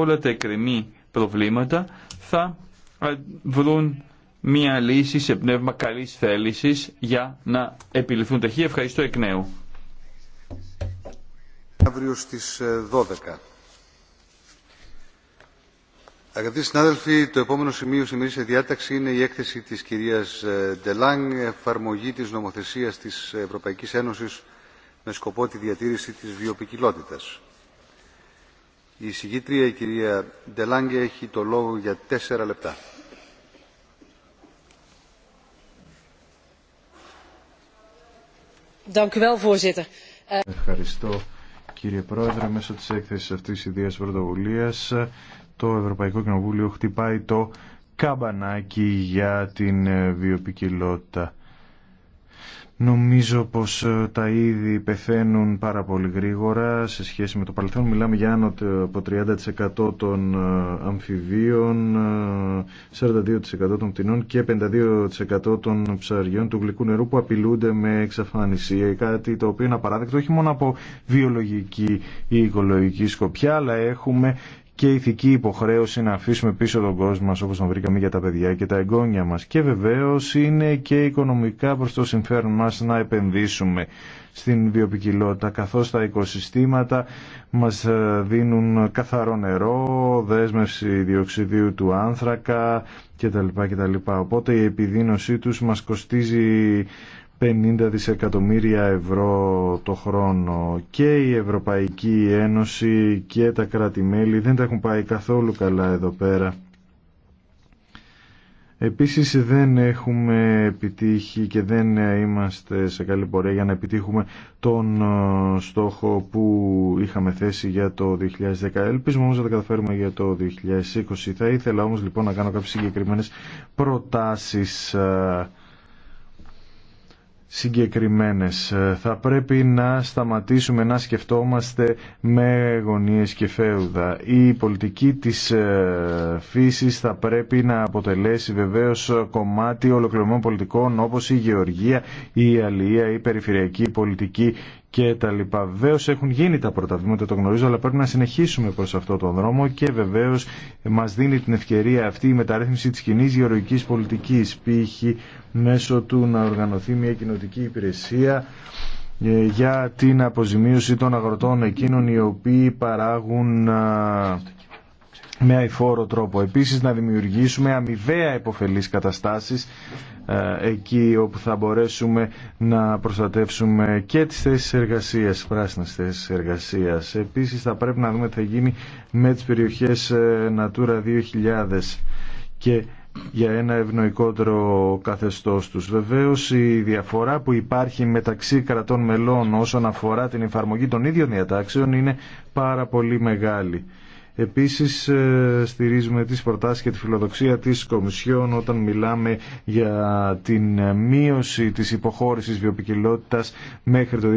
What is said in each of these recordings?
όλα τα εκκρεμή προβλήματα θα ε, βρουν μία λύση σε πνεύμα καλής θέλησης για να επιληθούν ταχύ. Ευχαριστώ εκ νέου. Αύριο στις 12. Ε, Αγαπητοί συνάδελφοι, το επόμενο σημείο σημερινής διάταξη είναι η έκθεση της κυρίας ε, Ντελάνγκ, εφαρμογή της νομοθεσίας της Ευρωπαϊκής Ένωσης με σκοπό τη διατήρηση της βιοποικιλότητας. Η εισηγήτρια, η κυρία Ντελάγκε, έχει το λόγο για τέσσερα λεπτά. Ευχαριστώ κύριε Πρόεδρε. Μέσω της έκθεσης αυτής ιδίας πρωτοβουλίας το Ευρωπαϊκό Κοινοβούλιο χτυπάει το καμπανάκι για την βιοπικιλότητα Νομίζω πως ε, τα είδη πεθαίνουν πάρα πολύ γρήγορα σε σχέση με το παρελθόν. Μιλάμε για άνω από 30% των ε, αμφιβίων, 42% ε, των πτηνών και 52% των ψαριών του γλυκού νερού που απειλούνται με εξαφάνιση. Κάτι το οποίο είναι απαράδεκτο όχι μόνο από βιολογική ή οικολογική σκοπιά, αλλά έχουμε και ηθική υποχρέωση να αφήσουμε πίσω τον κόσμο μας όπως τον βρήκαμε για τα παιδιά και τα εγγόνια μας. Και βεβαίως είναι και οικονομικά προς το συμφέρον μας να επενδύσουμε στην βιοπικιλότητα καθώς τα οικοσυστήματα μας ε, δίνουν καθαρό νερό, δέσμευση διοξιδίου του άνθρακα κτλ. Οπότε η επιδείνωσή τους μας κοστίζει 50 δισεκατομμύρια ευρώ το χρόνο και η Ευρωπαϊκή Ένωση και τα κράτη-μέλη δεν τα έχουν πάει καθόλου καλά εδώ πέρα. Επίσης δεν έχουμε επιτύχει και δεν είμαστε σε καλή πορεία για να επιτύχουμε τον ε, στόχο που είχαμε θέσει για το 2010. Ελπίζουμε όμως να τα καταφέρουμε για το 2020. Θα ήθελα όμως λοιπόν να κάνω κάποιες συγκεκριμένες προτάσεις ε, συγκεκριμένες. Ε, θα πρέπει να σταματήσουμε να σκεφτόμαστε με γωνίες και φέουδα. Η πολιτική της ε, φύσης θα πρέπει να αποτελέσει βεβαίως κομμάτι ολοκληρωμένων πολιτικών όπως η γεωργία, η αλληλεία, η περιφερειακή πολιτική και τα λοιπά. Βεβαίως έχουν γίνει τα πρώτα βήματα, το γνωρίζω, αλλά πρέπει να συνεχίσουμε προς αυτό τον δρόμο και βεβαίως μας δίνει την ευκαιρία αυτή η μεταρρύθμιση της κοινή γεωργικής πολιτικής, π.χ. μέσω του να οργανωθεί μια κοινοτική υπηρεσία ε, για την αποζημίωση των αγροτών εκείνων οι οποίοι παράγουν με αηφόρο τρόπο. Επίσης να δημιουργήσουμε αμοιβαία υποφελείς καταστάσεις ε, εκεί όπου θα μπορέσουμε να προστατεύσουμε και τις θέσεις εργασίας, πράσινες θέσεις εργασίας. Επίσης θα πρέπει να δούμε τι θα γίνει με τις περιοχές ε, Natura 2000 και για ένα ευνοϊκότερο καθεστώς τους. Βεβαίως η διαφορά που υπάρχει μεταξύ κρατών μελών όσον αφορά την εφαρμογή των ίδιων διατάξεων είναι πάρα πολύ μεγάλη. Επίσης ε, στηρίζουμε τις προτάσεις και τη φιλοδοξία της Κομισιόν όταν μιλάμε για την μείωση της υποχώρησης βιοπικιλότητας μέχρι το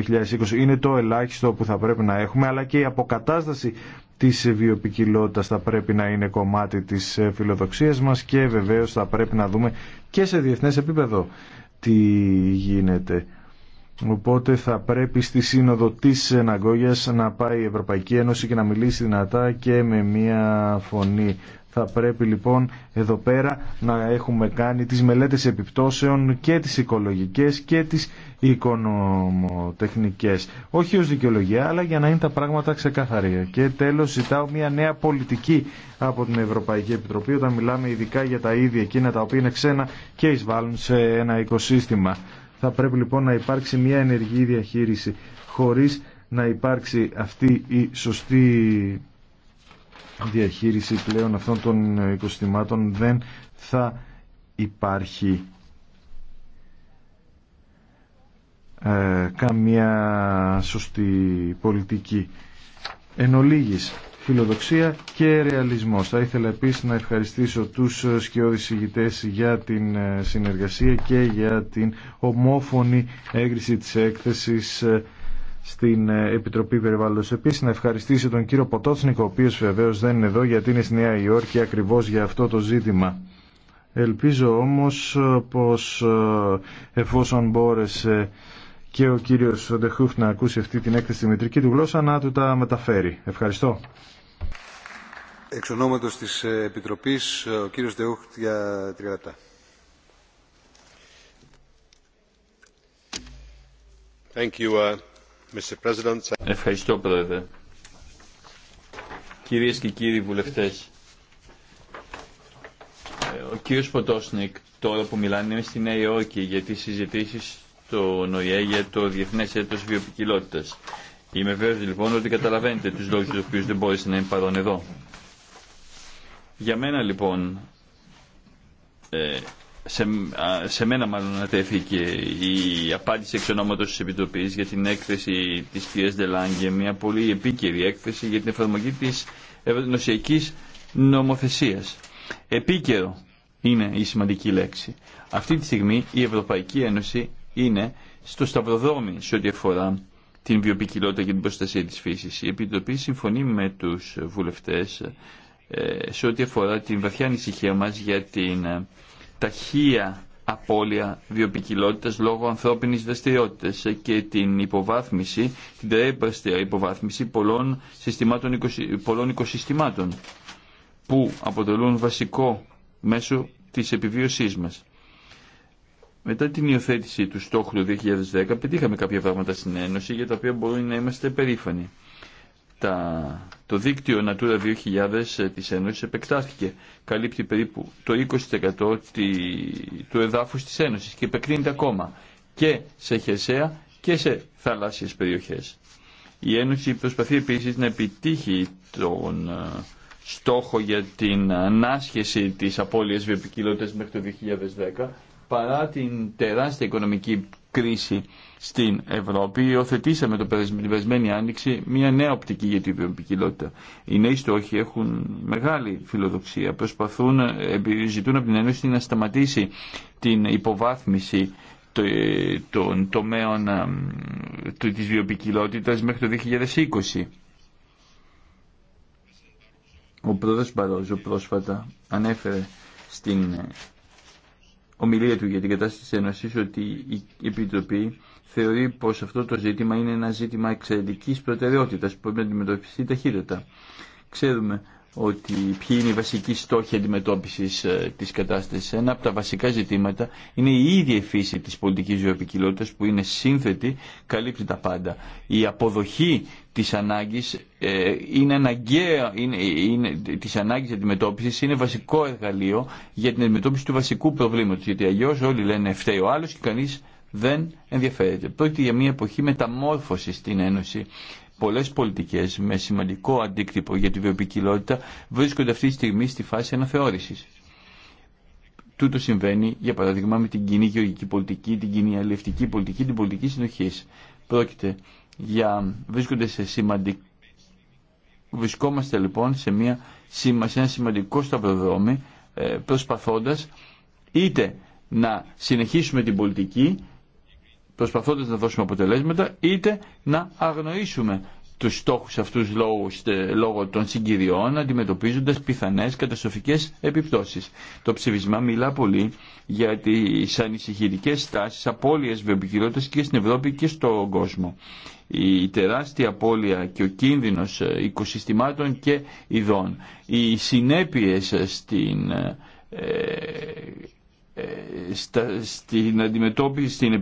2020. Είναι το ελάχιστο που θα πρέπει να έχουμε, αλλά και η αποκατάσταση της βιοπικιλότητας θα πρέπει να είναι κομμάτι της φιλοδοξίας μας και βεβαίως θα πρέπει να δούμε και σε διεθνές επίπεδο τι γίνεται. Οπότε θα πρέπει στη σύνοδο τη Εναγκόγια να πάει η Ευρωπαϊκή Ένωση και να μιλήσει δυνατά και με μία φωνή. Θα πρέπει λοιπόν εδώ πέρα να έχουμε κάνει τις μελέτες επιπτώσεων και τις οικολογικές και τις οικονομοτεχνικές. Όχι ως δικαιολογία αλλά για να είναι τα πράγματα ξεκαθαρία. Και τέλος ζητάω μια νέα πολιτική από την Ευρωπαϊκή Επιτροπή όταν μιλάμε ειδικά για τα ίδια εκείνα τα οποία είναι ξένα και εισβάλλουν σε ένα οικοσύστημα. Θα πρέπει λοιπόν να υπάρξει μια ενεργή διαχείριση χωρίς να υπάρξει αυτή η σωστή διαχείριση πλέον αυτών των οικοστημάτων δεν θα υπάρχει ε, καμία σωστή πολιτική. Εν φιλοδοξία και ρεαλισμό. Θα ήθελα επίση να ευχαριστήσω του ε, σκιώδη ηγητέ για την ε, συνεργασία και για την ομόφωνη έγκριση τη έκθεση ε, στην Επιτροπή Περιβάλλοντος. Επίσης να ευχαριστήσω τον κύριο Ποτότσνικο, ο οποίος βεβαίω δεν είναι εδώ γιατί είναι στη Νέα Υόρκη ακριβώς για αυτό το ζήτημα. Ελπίζω όμως πως εφόσον μπόρεσε και ο κύριος Ντεχούφ να ακούσει αυτή την έκθεση στη μητρική του γλώσσα να του τα μεταφέρει. Ευχαριστώ. Εξ ονόματος της ε, Επιτροπής, ε, ο κύριος Δεούχτ για τρία uh, Ευχαριστώ, Πρόεδρε. Κυρίες και κύριοι βουλευτές, ε, ο κύριος Ποτόσνικ τώρα που μιλάνε είναι στη Νέα Υόρκη για τις συζητήσεις στο ΝΟΙΕ για το Διεθνές Έτος Βιοποικιλότητας. Είμαι βέβαιος λοιπόν ότι καταλαβαίνετε τους λόγους του οποίου δεν μπόρεσε να είναι παρόν εδώ. Για μένα λοιπόν, ε, σε, μένα μάλλον ανατέθηκε η απάντηση εξ ονόματος της Επιτροπής για την έκθεση της κυρίας Δελάνγκε, μια πολύ επίκαιρη έκθεση για την εφαρμογή της ευνοσιακής νομοθεσίας. Επίκαιρο είναι η σημαντική λέξη. Αυτή τη στιγμή η Ευρωπαϊκή Ένωση είναι στο σταυροδρόμι σε ό,τι αφορά την βιοπικιλότητα και την προστασία της φύσης. Η Επιτροπή συμφωνεί με τους βουλευτές ε, σε ό,τι αφορά την βαθιά ανησυχία μας για την ε, ταχεία απώλεια βιοπικιλότητας λόγω ανθρώπινης δραστηριότητας ε, και την υποβάθμιση, την τρέπαστη υποβάθμιση πολλών, συστημάτων, πολλών οικοσυστημάτων που αποτελούν βασικό μέσο της επιβίωσής μας. Μετά την υιοθέτηση του στόχου του 2010 πετύχαμε κάποια πράγματα στην Ένωση για τα οποία μπορούμε να είμαστε περήφανοι το δίκτυο Natura 2000 ε, της Ένωσης επεκτάθηκε. Καλύπτει περίπου το 20% του εδάφους της Ένωσης και επεκτείνεται ακόμα και σε χερσαία και σε θαλάσσιες περιοχές. Η Ένωση προσπαθεί επίσης να επιτύχει τον ε, στόχο για την ανάσχεση της απώλειας βιοποικιλότητας μέχρι το 2010 παρά την τεράστια οικονομική κρίση στην Ευρώπη, υιοθετήσαμε το την περασμένη άνοιξη μια νέα οπτική για την βιοποικιλότητα. Οι νέοι στόχοι έχουν μεγάλη φιλοδοξία. Προσπαθούν, ε, ζητούν από την Ένωση να σταματήσει την υποβάθμιση ε, των τομέων της βιοποικιλότητας μέχρι το 2020. Ο πρόεδρος Μπαρόζο πρόσφατα ανέφερε στην ομιλία του για την κατάσταση της Ένωσης ότι η Επιτροπή θεωρεί πως αυτό το ζήτημα είναι ένα ζήτημα εξαιρετικής προτεραιότητας που πρέπει να αντιμετωπιστεί ταχύτατα. Ξέρουμε ότι ποιοι είναι οι βασικοί στόχοι αντιμετώπισης ε, τη κατάσταση. Ένα από τα βασικά ζητήματα είναι η ίδια φύση της πολιτικής ζωοπικιλότητας που είναι σύνθετη, καλύπτει τα πάντα. Η αποδοχή της ανάγκης ε, είναι αναγκαία, είναι, είναι, της αντιμετώπισης είναι βασικό εργαλείο για την αντιμετώπιση του βασικού προβλήματος. Γιατί αλλιώ όλοι λένε φταίει ο άλλο και κανείς δεν ενδιαφέρεται. Πρόκειται για μια εποχή μεταμόρφωση στην Ένωση πολλές πολιτικές με σημαντικό αντίκτυπο για τη βιοποικιλότητα βρίσκονται αυτή τη στιγμή στη φάση αναθεώρησης. Τούτο συμβαίνει, για παράδειγμα, με την κοινή γεωργική πολιτική, την κοινή αλληλευτική πολιτική, την πολιτική συνοχή. Πρόκειται για. βρίσκονται σε σημαντικό. Βρισκόμαστε λοιπόν σε, μια, σε ένα σημαντικό σταυροδρόμι ε, προσπαθώντας είτε να συνεχίσουμε την πολιτική προσπαθώντας να δώσουμε αποτελέσματα, είτε να αγνοήσουμε τους στόχους αυτούς λόγω των συγκυριών, αντιμετωπίζοντας πιθανές καταστροφικές επιπτώσεις. Το ψηφισμά μιλά πολύ για τις ανησυχητικές στάσεις απώλειας βιοποικιλότητας και στην Ευρώπη και στον κόσμο. Η τεράστια απώλεια και ο κίνδυνος οικοσυστημάτων και ειδών. Οι συνέπειες στην ε, ε, στα, στην αντιμετώπιση, στην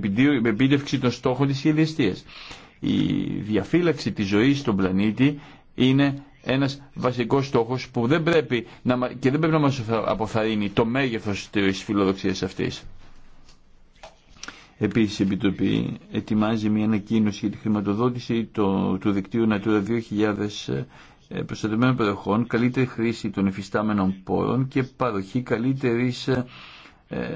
επίτευξη των στόχων της χειριστίας. Η διαφύλαξη της ζωής στον πλανήτη είναι ένας βασικός στόχος που δεν πρέπει να, και δεν πρέπει να μας αποθαρρύνει το μέγεθος της φιλοδοξίας αυτής. Επίσης η Επιτροπή ετοιμάζει μια ανακοίνωση για τη χρηματοδότηση του δικτύου Natura 2000 ε, προστατευμένων περιοχών, καλύτερη χρήση των εφιστάμενων πόρων και παροχή καλύτερης ε, ε,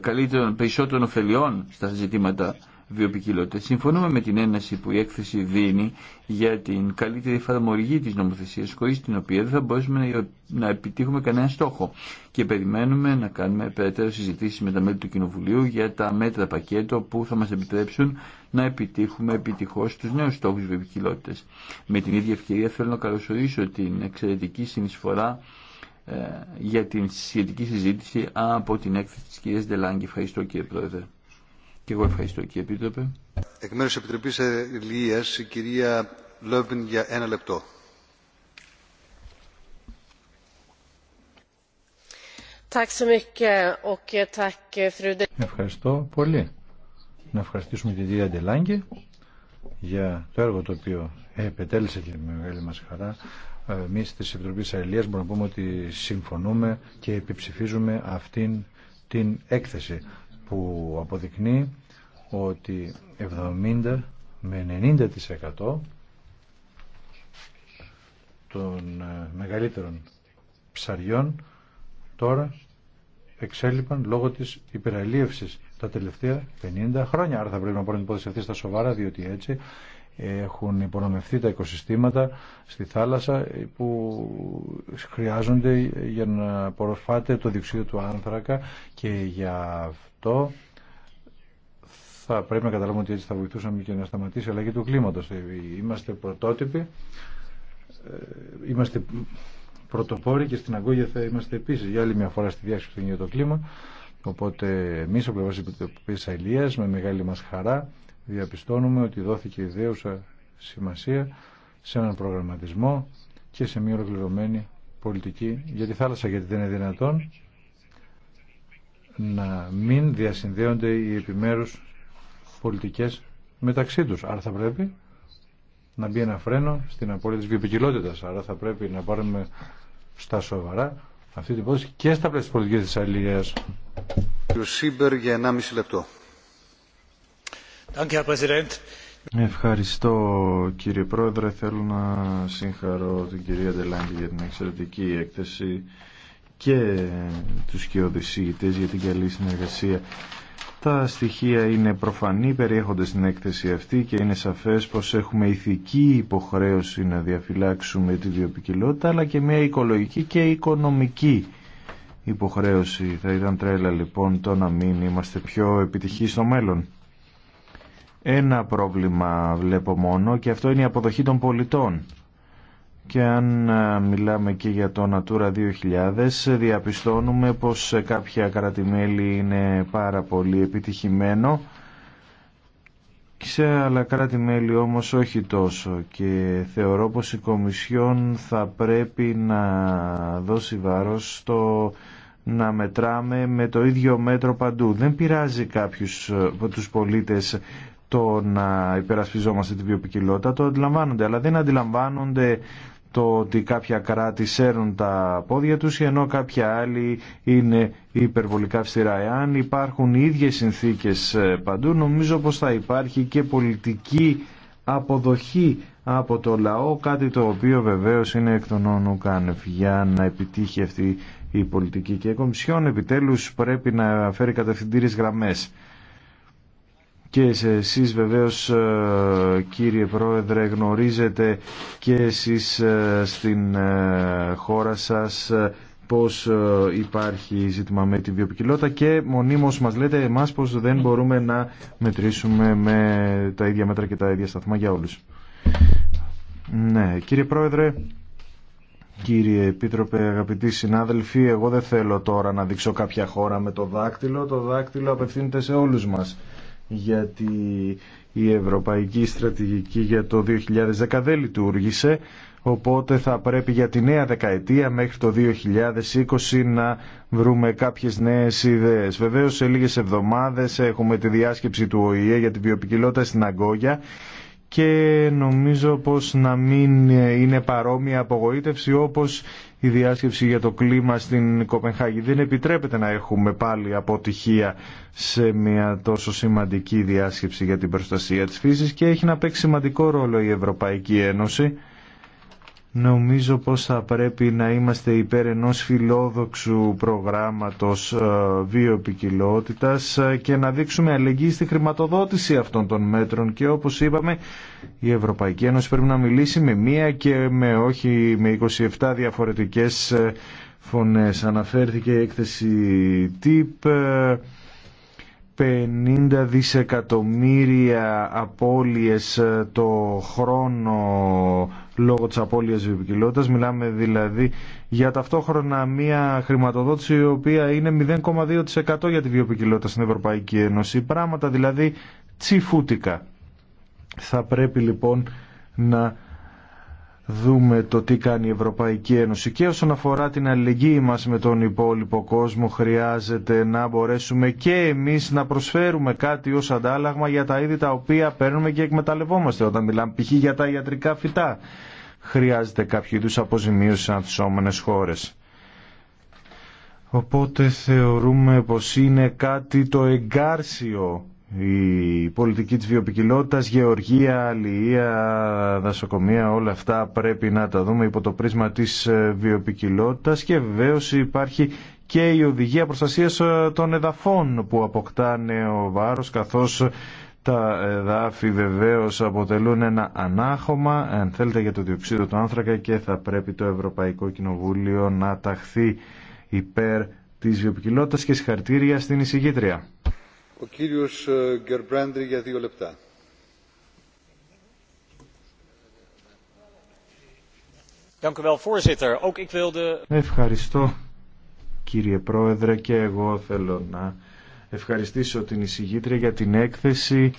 καλύτερων, περισσότερων ωφελιών στα ζητήματα βιοποικιλότητας. Συμφωνούμε με την έναση που η έκθεση δίνει για την καλύτερη εφαρμογή της νομοθεσίας, χωρί την οποία δεν θα μπορέσουμε να επιτύχουμε κανένα στόχο. Και περιμένουμε να κάνουμε περαιτέρω συζητήσεις με τα μέλη του Κοινοβουλίου για τα μέτρα πακέτο που θα μας επιτρέψουν να επιτύχουμε επιτυχώς τους νέους στόχους βιοπικιλότητας. Με την ίδια ευκαιρία θέλω να καλωσορίσω την εξαιρετική συνεισφορά ε, για την σχετική συζήτηση από την έκθεση της κυρίας Ντελάνγκη. Ευχαριστώ κύριε Πρόεδρε. Και εγώ ευχαριστώ κύριε Επίτροπε. Εκ μέρους της Επιτροπής η κυρία Λόβιν για ένα λεπτό. Ευχαριστώ πολύ. Να ευχαριστήσουμε την κυρία Ντελάνγκη για το έργο το οποίο επετέλεσε και με μεγάλη μας χαρά Εμεί τη Επιτροπή Αιλία μπορούμε να πούμε ότι συμφωνούμε και επιψηφίζουμε αυτήν την έκθεση που αποδεικνύει ότι 70 με 90% των ε, μεγαλύτερων ψαριών τώρα εξέλιπαν λόγω της υπεραλίευσης τα τελευταία 50 χρόνια. Άρα θα πρέπει να πάρουν να υπόθεση αυτή στα σοβαρά, διότι έτσι έχουν υπονομευθεί τα οικοσυστήματα στη θάλασσα που χρειάζονται για να απορροφάται το διοξείδιο του άνθρακα και για αυτό θα πρέπει να καταλάβουμε ότι έτσι θα βοηθούσαμε και να σταματήσει η αλλαγή του κλίματος. Ε, είμαστε πρωτότυποι, ε, είμαστε πρωτοπόροι και στην Αγκόγια θα είμαστε επίσης για άλλη μια φορά στη διάσκεψη για το κλίμα. Οπότε εμείς ο πλευράς της Επιτροπής με μεγάλη μας χαρά διαπιστώνουμε ότι δόθηκε ιδέουσα σημασία σε έναν προγραμματισμό και σε μια ολοκληρωμένη πολιτική για τη θάλασσα, γιατί δεν είναι δυνατόν να μην διασυνδέονται οι επιμέρους πολιτικές μεταξύ τους. Άρα θα πρέπει να μπει ένα φρένο στην απώλεια της βιοποικιλότητας. Άρα θα πρέπει να πάρουμε στα σοβαρά αυτή την υπόθεση και στα πλαίσια της πολιτικής της αλληλείας. Κύριο Σίμπερ για 1,5 λεπτό. Ευχαριστώ κύριε Πρόεδρε. Θέλω να συγχαρώ την κυρία Ντελάνγκη για την εξαιρετική έκθεση και τους κοιοδησίτες για την καλή συνεργασία. Τα στοιχεία είναι προφανή, περιέχονται στην έκθεση αυτή και είναι σαφές πως έχουμε ηθική υποχρέωση να διαφυλάξουμε τη βιοπικιλότητα αλλά και μια οικολογική και οικονομική υποχρέωση. Θα ήταν τρέλα λοιπόν το να μην είμαστε πιο επιτυχοί στο μέλλον. Ένα πρόβλημα βλέπω μόνο και αυτό είναι η αποδοχή των πολιτών. Και αν ε, μιλάμε και για το Natura 2000, διαπιστώνουμε πως σε κάποια κρατημέλη είναι πάρα πολύ επιτυχημένο, σε άλλα κράτη-μέλη όμως όχι τόσο και θεωρώ πως η Κομισιόν θα πρέπει να δώσει βάρος στο να μετράμε με το ίδιο μέτρο παντού. Δεν πειράζει κάποιους από ε, τους πολίτες το να υπερασπιζόμαστε την βιοποικιλότητα το αντιλαμβάνονται, αλλά δεν αντιλαμβάνονται το ότι κάποια κράτη σέρνουν τα πόδια τους ενώ κάποια άλλη είναι υπερβολικά αυστηρά. Εάν υπάρχουν οι ίδιες συνθήκες ε, παντού νομίζω πως θα υπάρχει και πολιτική αποδοχή από το λαό κάτι το οποίο βεβαίως είναι εκ των όνων κάνευ για να επιτύχει αυτή η πολιτική και η Κομισιόν επιτέλους πρέπει να φέρει κατευθυντήρες γραμμές και εσείς βεβαίως ε, κύριε Πρόεδρε γνωρίζετε και εσείς ε, στην ε, χώρα σας πως υπάρχει ζήτημα με τη βιοποικιλότητα και μονίμως μας λέτε εμάς πως δεν μπορούμε να μετρήσουμε με τα ίδια μέτρα και τα ίδια σταθμά για όλους. Ναι, κύριε Πρόεδρε, Κύριε Επίτροπε, αγαπητοί συνάδελφοι, εγώ δεν θέλω τώρα να δείξω κάποια χώρα με το δάκτυλο. Το δάκτυλο απευθύνεται σε όλους μας γιατί η Ευρωπαϊκή Στρατηγική για το 2010 δεν λειτουργήσε οπότε θα πρέπει για τη νέα δεκαετία μέχρι το 2020 να βρούμε κάποιες νέες ιδέες. Βεβαίως σε λίγες εβδομάδες έχουμε τη διάσκεψη του ΟΗΕ για την βιοπικιλότητα στην Αγκόγια και νομίζω πως να μην είναι παρόμοια απογοήτευση όπως η διάσκεψη για το κλίμα στην Κοπενχάγη. Δεν επιτρέπεται να έχουμε πάλι αποτυχία σε μια τόσο σημαντική διάσκεψη για την προστασία της φύσης και έχει να παίξει σημαντικό ρόλο η Ευρωπαϊκή Ένωση Νομίζω πως θα πρέπει να είμαστε υπέρ ενός φιλόδοξου προγράμματος ε, βιοπικιλότητας ε, και να δείξουμε αλληλεγγύη στη χρηματοδότηση αυτών των μέτρων και όπως είπαμε η Ευρωπαϊκή Ένωση πρέπει να μιλήσει με μία και με όχι με 27 διαφορετικές ε, φωνές. Αναφέρθηκε η έκθεση TIP 50 δισεκατομμύρια απώλειες ε, το χρόνο λόγω της απώλειας βιοποικιλότητας. Μιλάμε δηλαδή για ταυτόχρονα μια χρηματοδότηση η οποία είναι 0,2% για τη βιοποικιλότητα στην Ευρωπαϊκή Ένωση. Πράγματα δηλαδή τσιφούτικα. Θα πρέπει λοιπόν να δούμε το τι κάνει η Ευρωπαϊκή Ένωση και όσον αφορά την αλληλεγγύη μας με τον υπόλοιπο κόσμο χρειάζεται να μπορέσουμε και εμείς να προσφέρουμε κάτι ως αντάλλαγμα για τα είδη τα οποία παίρνουμε και εκμεταλλευόμαστε όταν μιλάμε π.χ. για τα ιατρικά φυτά. Χρειάζεται κάποιο είδου αποζημίωση σαν τις χώρες. Οπότε θεωρούμε πως είναι κάτι το εγκάρσιο η πολιτική της βιοπικιλότητας, γεωργία, αλληλεία, δασοκομεία, όλα αυτά πρέπει να τα δούμε υπό το πρίσμα της ε, βιοπικιλότητας και βεβαίω υπάρχει και η οδηγία προστασίας ε, των εδαφών που αποκτάνε ο βάρος καθώς τα εδάφη βεβαίω αποτελούν ένα ανάχωμα, αν θέλετε, για το διοξείδιο του άνθρακα και θα πρέπει το Ευρωπαϊκό Κοινοβούλιο να ταχθεί υπέρ της βιοπικιλότητας και συγχαρητήρια στην εισηγήτρια. Ο κύριος ε, για Ευχαριστώ κύριε Πρόεδρε και εγώ θέλω να ευχαριστήσω την εισηγήτρια για την έκθεση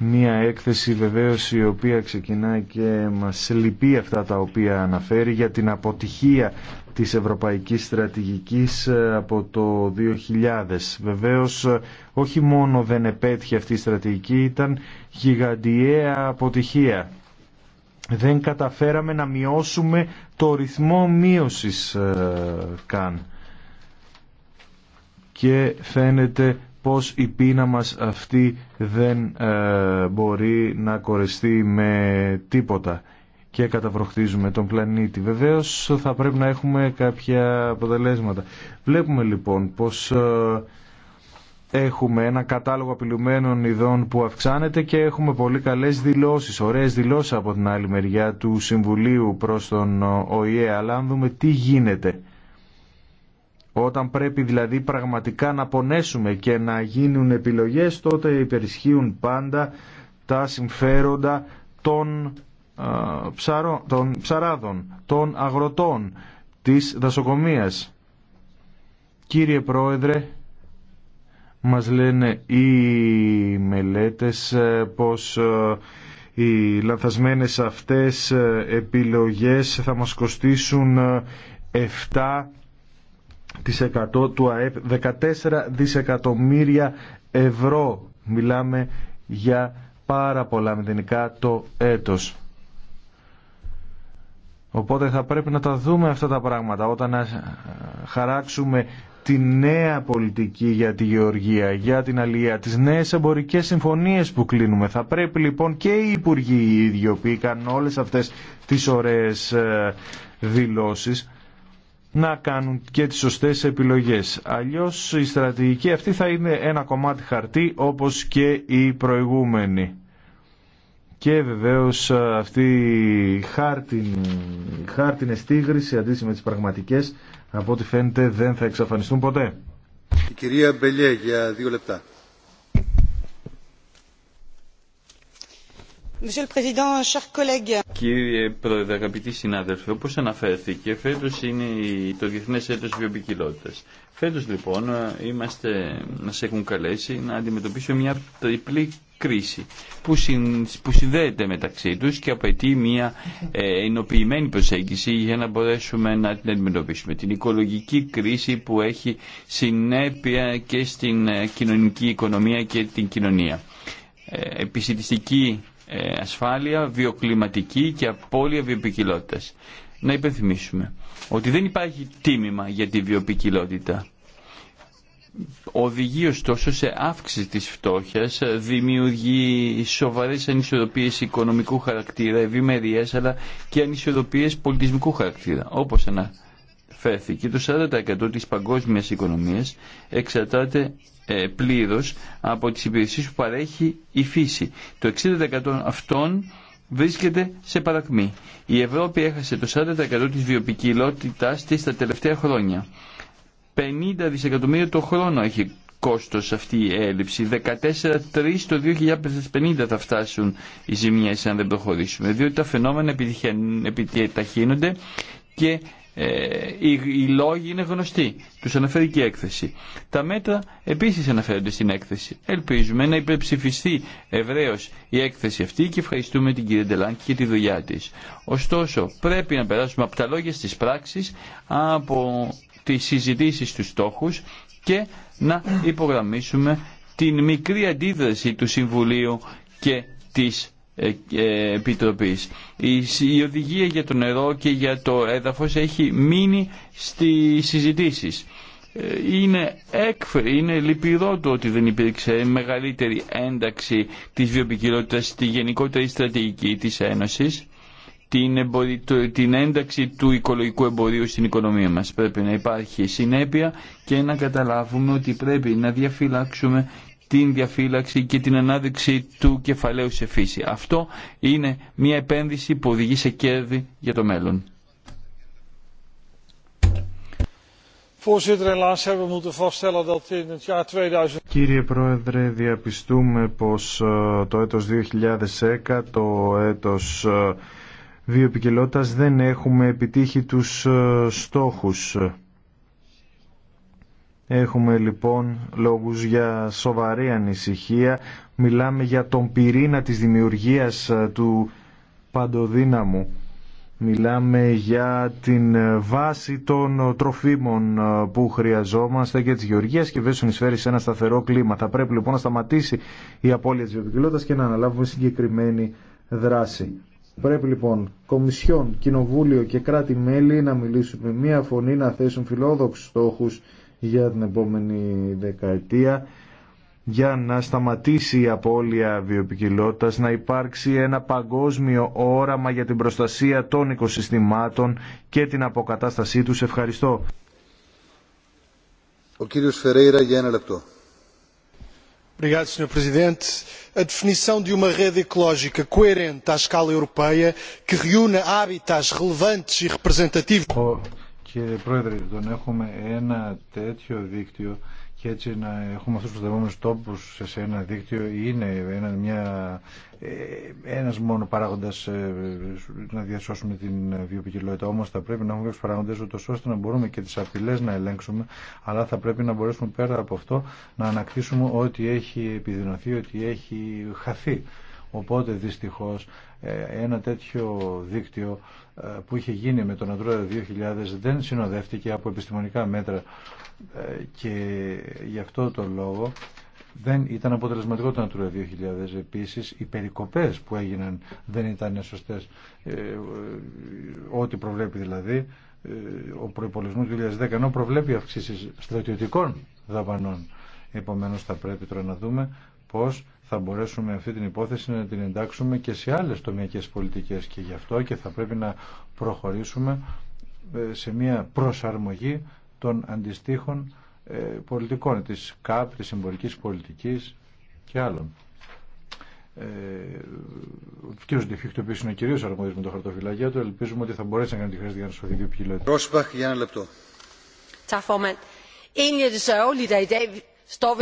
Μία έκθεση βεβαίως η οποία ξεκινάει και μας λυπεί αυτά τα οποία αναφέρει για την αποτυχία της Ευρωπαϊκής Στρατηγικής ε, από το 2000. Βεβαίως ε, όχι μόνο δεν επέτυχε αυτή η στρατηγική, ήταν γιγαντιαία αποτυχία. Δεν καταφέραμε να μειώσουμε το ρυθμό μείωσης ε, καν και φαίνεται πως η πείνα μας αυτή δεν ε, μπορεί να κορεστεί με τίποτα και καταβροχτίζουμε τον πλανήτη. Βεβαίως θα πρέπει να έχουμε κάποια αποτελέσματα. Βλέπουμε λοιπόν πως ε, έχουμε ένα κατάλογο απειλουμένων ειδών που αυξάνεται και έχουμε πολύ καλές δηλώσεις, ωραίες δηλώσεις από την άλλη μεριά του Συμβουλίου προς τον ε, ΟΗΕ, αλλά αν δούμε τι γίνεται όταν πρέπει δηλαδή πραγματικά να πονέσουμε και να γίνουν επιλογές, τότε υπερισχύουν πάντα τα συμφέροντα των, ψαρό, των ψαράδων, των αγροτών, της δασοκομείας. Κύριε Πρόεδρε, μας λένε οι μελέτες ε, πως ε, οι λανθασμένες αυτές ε, επιλογές θα μας κοστίσουν 7 10% του ΑΕΠ, 14 δισεκατομμύρια ευρώ. Μιλάμε για πάρα πολλά μηδενικά το έτος. Οπότε θα πρέπει να τα δούμε αυτά τα πράγματα όταν χαράξουμε τη νέα πολιτική για τη γεωργία, για την αλληλεία, τις νέες εμπορικές συμφωνίες που κλείνουμε. Θα πρέπει λοιπόν και οι υπουργοί οι ίδιοι που κάνουν όλες αυτές τις ωραίες ε, δηλώσεις να κάνουν και τις σωστές επιλογές. Αλλιώς η στρατηγική αυτή θα είναι ένα κομμάτι χαρτί όπως και η προηγούμενη. Και βεβαίως αυτή η χάρτινη, χάρτινη στίγρηση αντίστοιχη με τις πραγματικές από ό,τι φαίνεται δεν θα εξαφανιστούν ποτέ. Η κυρία Μπελιέ για δύο λεπτά. Κύριε Πρόεδρε, αγαπητοί συνάδελφοι, όπως αναφέρθηκε, φέτος είναι το Διεθνές Έτος Βιοποικιλότητας. Φέτος λοιπόν είμαστε, σε έχουν καλέσει να αντιμετωπίσουμε μια τριπλή κρίση που, συνδέεται μεταξύ τους και απαιτεί μια ε, ενοποιημένη προσέγγιση για να μπορέσουμε να την αντιμετωπίσουμε. Την οικολογική κρίση που έχει συνέπεια και στην ε, κοινωνική οικονομία και την κοινωνία. Ε, επισητιστική ε, ασφάλεια, βιοκλιματική και απώλεια βιοποικιλότητας. Να υπενθυμίσουμε ότι δεν υπάρχει τίμημα για τη βιοποικιλότητα. Οδηγεί ωστόσο σε αύξηση της φτώχειας, δημιουργεί σοβαρές ανισοδοποίες οικονομικού χαρακτήρα, ευημερίας, αλλά και ανισοδοποίες πολιτισμικού χαρακτήρα, όπως ένα αναφέρθηκε, το 40% της παγκόσμιας οικονομίας εξαρτάται ε, από τις υπηρεσίες που παρέχει η φύση. Το 60% αυτών βρίσκεται σε παρακμή. Η Ευρώπη έχασε το 40% της βιοπικιλότητάς της τα τελευταία χρόνια. 50 δισεκατομμύρια το χρόνο έχει κόστος αυτή η έλλειψη. 14-3 το 2050 θα φτάσουν οι ζημιές αν δεν προχωρήσουμε, διότι τα φαινόμενα επιταχύνονται και ε, οι, οι λόγοι είναι γνωστοί. Τους αναφέρει και η έκθεση. Τα μέτρα επίσης αναφέρονται στην έκθεση. Ελπίζουμε να υπερψηφιστεί ευρέω η έκθεση αυτή και ευχαριστούμε την κυρία Ντελάνκη και τη δουλειά τη. Ωστόσο, πρέπει να περάσουμε από τα λόγια στις πράξεις, από τις συζητήσεις στους στόχους και να υπογραμμίσουμε την μικρή αντίδραση του Συμβουλίου και της ε, επιτροπής. Η οδηγία για το νερό και για το έδαφος έχει μείνει στις συζητήσεις. Ε, είναι, είναι λυπηρό το ότι δεν υπήρξε μεγαλύτερη ένταξη της βιοποικιλότητας στη γενικότερη στρατηγική της Ένωσης την, ένταξη του οικολογικού εμπορίου στην οικονομία μας. Πρέπει να υπάρχει συνέπεια και να καταλάβουμε ότι πρέπει να διαφυλάξουμε την διαφύλαξη και την ανάδειξη του κεφαλαίου σε φύση. Αυτό είναι μια επένδυση που οδηγεί σε κέρδη για το μέλλον. Κύριε Πρόεδρε, διαπιστούμε πως ε, το έτος 2010, το έτος βιοπικιλότητας, ε, δεν έχουμε επιτύχει τους ε, στόχους. Έχουμε λοιπόν λόγους για σοβαρή ανησυχία. Μιλάμε για τον πυρήνα της δημιουργίας ε, του παντοδύναμου. Μιλάμε για την ε, βάση των ε, τροφίμων που χρειαζόμαστε και τη γεωργίας και βέβαια συνεισφέρει σε ένα σταθερό κλίμα. Θα πρέπει λοιπόν να σταματήσει η απώλεια της βιοποικιλότητας και να αναλάβουμε συγκεκριμένη δράση. Πρέπει λοιπόν Κομισιόν, Κοινοβούλιο και κράτη-μέλη να μιλήσουν με μία φωνή να θέσουν φιλόδοξους στόχους για την επόμενη δεκαετία για να σταματήσει η απώλεια βιοπικιλότητας, να υπάρξει ένα παγκόσμιο όραμα για την προστασία των οικοσυστημάτων και την αποκατάστασή τους. Ευχαριστώ. Ο κύριος Φερέιρα για ένα λεπτό. Obrigado, Sr. Presidente. A definição de uma rede ecológica coerente à escala europeia que reúna hábitats relevantes e representativos. Κύριε Πρόεδρε, τον έχουμε ένα τέτοιο δίκτυο και έτσι να έχουμε αυτούς τους δεδομένους τόπους σε ένα δίκτυο είναι ένα, μια, ε, ένας μόνο παράγοντας ε, να διασώσουμε την βιοποικιλότητα. Όμως θα πρέπει να έχουμε κάποιους παράγοντες ούτως ώστε να μπορούμε και τις απειλές να ελέγξουμε αλλά θα πρέπει να μπορέσουμε πέρα από αυτό να ανακτήσουμε ό,τι έχει επιδεινωθεί, ό,τι έχει χαθεί. Οπότε δυστυχώς ε, ένα τέτοιο δίκτυο που είχε γίνει με τον Αντρόεδρο 2000 δεν συνοδεύτηκε από επιστημονικά μέτρα ε, και γι' αυτό το λόγο δεν ήταν αποτελεσματικό το Natura 2000. Επίσης, οι περικοπές που έγιναν δεν ήταν σωστές. Ε, ε, ό,τι προβλέπει δηλαδή ο προϋπολογισμός του 2010, ενώ προβλέπει αυξήσεις στρατιωτικών δαπανών. Επομένως, θα πρέπει τώρα να δούμε πώς θα μπορέσουμε αυτή την υπόθεση να την εντάξουμε και σε άλλες τομιακές πολιτικές και γι' αυτό και θα πρέπει να προχωρήσουμε ε, σε μια προσαρμογή των αντιστοίχων ε, πολιτικών της ΚΑΠ, της συμπορικής πολιτικής και άλλων. Ε, ο κ. Ντεφίχτη, ο οποίο είναι ο κυρίω αρμόδιο με το χαρτοφυλάκια ελπίζουμε ότι θα μπορέσει να κάνει τη χρήση για να σωθεί δύο Ρόσπαχ,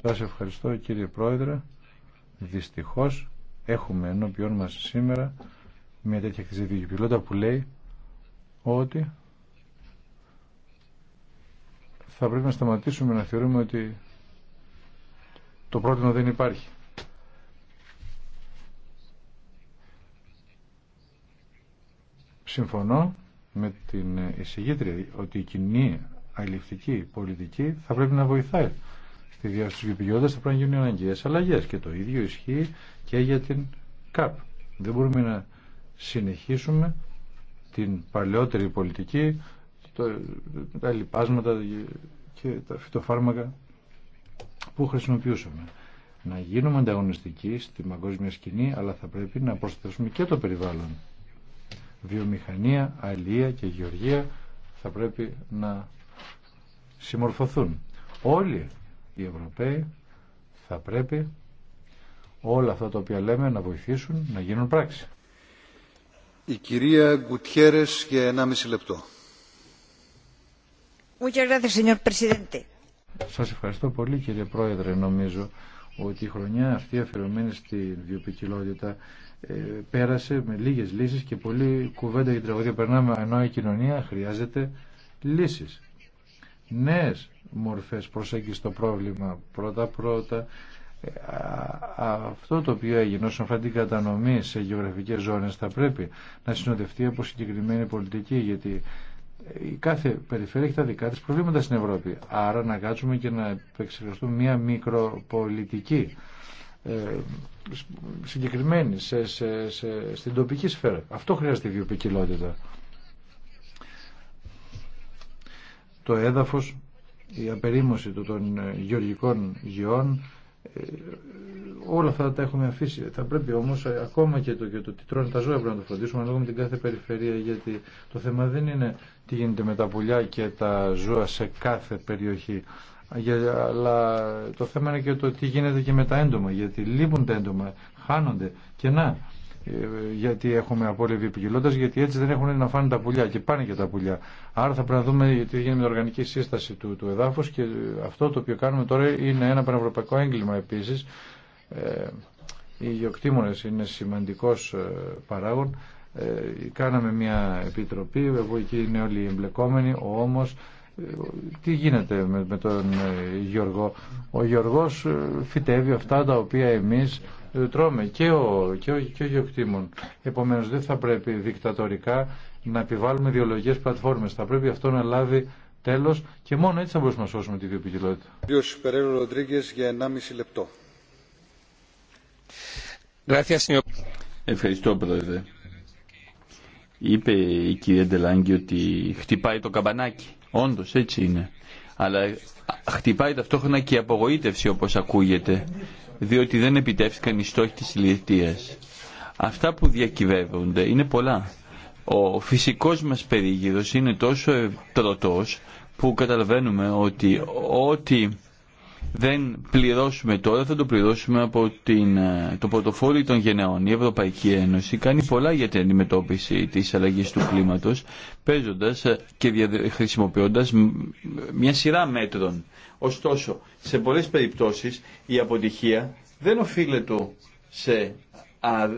Σα ευχαριστώ, κύριε Πρόεδρε. Δυστυχώς έχουμε ενώπιόν μας σήμερα μια τέτοια χτιστική πιλότα που λέει ότι θα πρέπει να σταματήσουμε να θεωρούμε ότι το πρόβλημα δεν υπάρχει. Συμφωνώ με την εισηγήτρια ότι η κοινή αλληλευτική πολιτική θα πρέπει να βοηθάει στη τους του θα πρέπει να γίνουν αναγκαίε αλλαγέ. Και το ίδιο ισχύει και για την ΚΑΠ. Δεν μπορούμε να συνεχίσουμε την παλαιότερη πολιτική, τα λοιπάσματα και τα φυτοφάρμακα που χρησιμοποιούσαμε. Να γίνουμε ανταγωνιστικοί στη παγκόσμια σκηνή, αλλά θα πρέπει να προσθέσουμε και το περιβάλλον. Βιομηχανία, αλληλεία και γεωργία θα πρέπει να συμμορφωθούν. Όλοι οι Ευρωπαίοι θα πρέπει όλα αυτά τα οποία λέμε να βοηθήσουν να γίνουν πράξη. Η κυρία Γκουτιέρες για 1,5 λεπτό. Σας ευχαριστώ πολύ κύριε Πρόεδρε. Νομίζω ότι η χρονιά αυτή αφιερωμένη στη βιοπικιλότητα ε, πέρασε με λίγες λύσεις και πολλή κουβέντα για την τραγωδία περνάμε ενώ η κοινωνία χρειάζεται λύσεις νέες μορφές προσέγγισης στο πρόβλημα πρώτα-πρώτα ε, αυτό το οποίο έγινε όσον αφορά την κατανομή σε γεωγραφικές ζώνες θα πρέπει να συνοδευτεί από συγκεκριμένη πολιτική γιατί ε, η κάθε περιφέρεια έχει τα δικά της προβλήματα στην Ευρώπη άρα να κάτσουμε και να επεξεργαστούμε μια μικροπολιτική ε, συγκεκριμένη σε, στην τοπική σφαίρα αυτό χρειάζεται η βιοπικιλότητα το έδαφος, η απερίμωση των ε, γεωργικών γεών, ε, όλα αυτά τα έχουμε αφήσει. Θα πρέπει όμως ε, ακόμα και το, και το τι τρώνε τα ζώα πρέπει να το φροντίσουμε ανάλογα με την κάθε περιφερεια γιατί το θέμα δεν είναι τι γίνεται με τα πουλιά και τα ζώα σε κάθε περιοχή αλλά το θέμα είναι και το τι γίνεται και με τα έντομα γιατί λείπουν τα έντομα, χάνονται και να γιατί έχουμε απόλυτη ποικιλότητα, γιατί έτσι δεν έχουν να φάνε τα πουλιά και πάνε και τα πουλιά. Άρα θα πρέπει να δούμε τι γίνεται με την οργανική σύσταση του, του εδάφου και αυτό το οποίο κάνουμε τώρα είναι ένα πανευρωπαϊκό έγκλημα επίση. Ε, οι γεωκτήμονε είναι σημαντικό ε, παράγον. Ε, κάναμε μια επιτροπή, εγώ εκεί είναι όλοι εμπλεκόμενοι, όμω ε, τι γίνεται με, με τον ε, Γιώργο. Ο Γιώργος φυτεύει αυτά τα οποία εμείς ε, τρώμε και ο, και ο, και ο γεωκτήμων. Επομένω, δεν θα πρέπει δικτατορικά να επιβάλλουμε ιδεολογικέ πλατφόρμε. Θα πρέπει αυτό να λάβει τέλο και μόνο έτσι θα μπορούμε να σώσουμε τη διοπικιλότητα. Ευχαριστώ πρόεδρε. Είπε η κυρία Ντελάνγκη ότι χτυπάει το καμπανάκι. Όντω έτσι είναι. Αλλά χτυπάει ταυτόχρονα και η απογοήτευση όπως ακούγεται διότι δεν επιτεύχθηκαν οι στόχοι της ηλιετίας. Αυτά που διακυβεύονται είναι πολλά. Ο φυσικός μας περίγυρος είναι τόσο τροτός που καταλαβαίνουμε ότι ό,τι δεν πληρώσουμε τώρα, θα το πληρώσουμε από την, ε, το πορτοφόλι των γενεών. Η Ευρωπαϊκή Ένωση κάνει πολλά για την αντιμετώπιση της αλλαγής του κλίματος, παίζοντας ε, και χρησιμοποιώντας μια σειρά μέτρων. Ωστόσο, σε πολλές περιπτώσεις η αποτυχία δεν οφείλεται σε,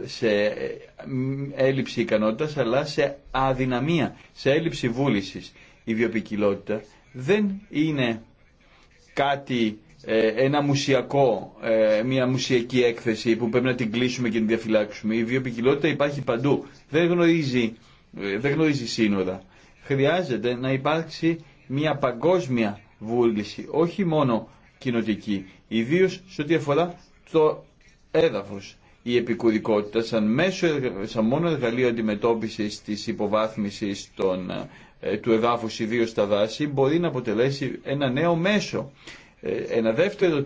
σε ε, έλλειψη ικανότητας, αλλά σε αδυναμία, σε έλλειψη βούλησης. Η βιοπικιλότητα δεν είναι κάτι ε, ένα μουσιακό, ε, μια μουσιακή έκθεση που πρέπει να την κλείσουμε και την διαφυλάξουμε. Η βιοπικιλότητα υπάρχει παντού. Δεν γνωρίζει, ε, δεν γνωρίζει σύνορα. Χρειάζεται να υπάρξει μια παγκόσμια βούληση, όχι μόνο κοινοτική, ιδίω σε ό,τι αφορά το έδαφος. Η επικουρικότητα σαν, μέσο, σαν μόνο εργαλείο αντιμετώπισης της υποβάθμισης του εδάφους, ιδίως στα δάση, μπορεί να αποτελέσει ένα νέο μέσο ε, ένα δεύτερο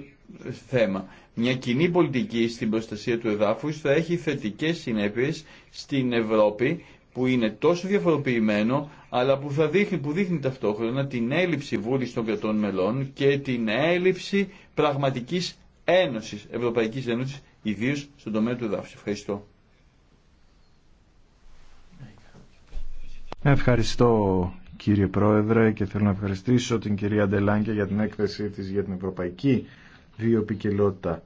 θέμα. Μια κοινή πολιτική στην προστασία του εδάφους θα έχει θετικές συνέπειες στην Ευρώπη που είναι τόσο διαφοροποιημένο αλλά που, θα δείχνει, που δείχνει ταυτόχρονα την έλλειψη βούλης των κρατών μελών και την έλλειψη πραγματικής ένωσης, Ευρωπαϊκής Ένωσης, ιδίως στον τομέα του εδάφους. Ευχαριστώ. Ευχαριστώ κύριε Πρόεδρε και θέλω να ευχαριστήσω την κυρία Ντελάνκια για την έκθεσή της για την ευρωπαϊκή βιοπικιλότητα.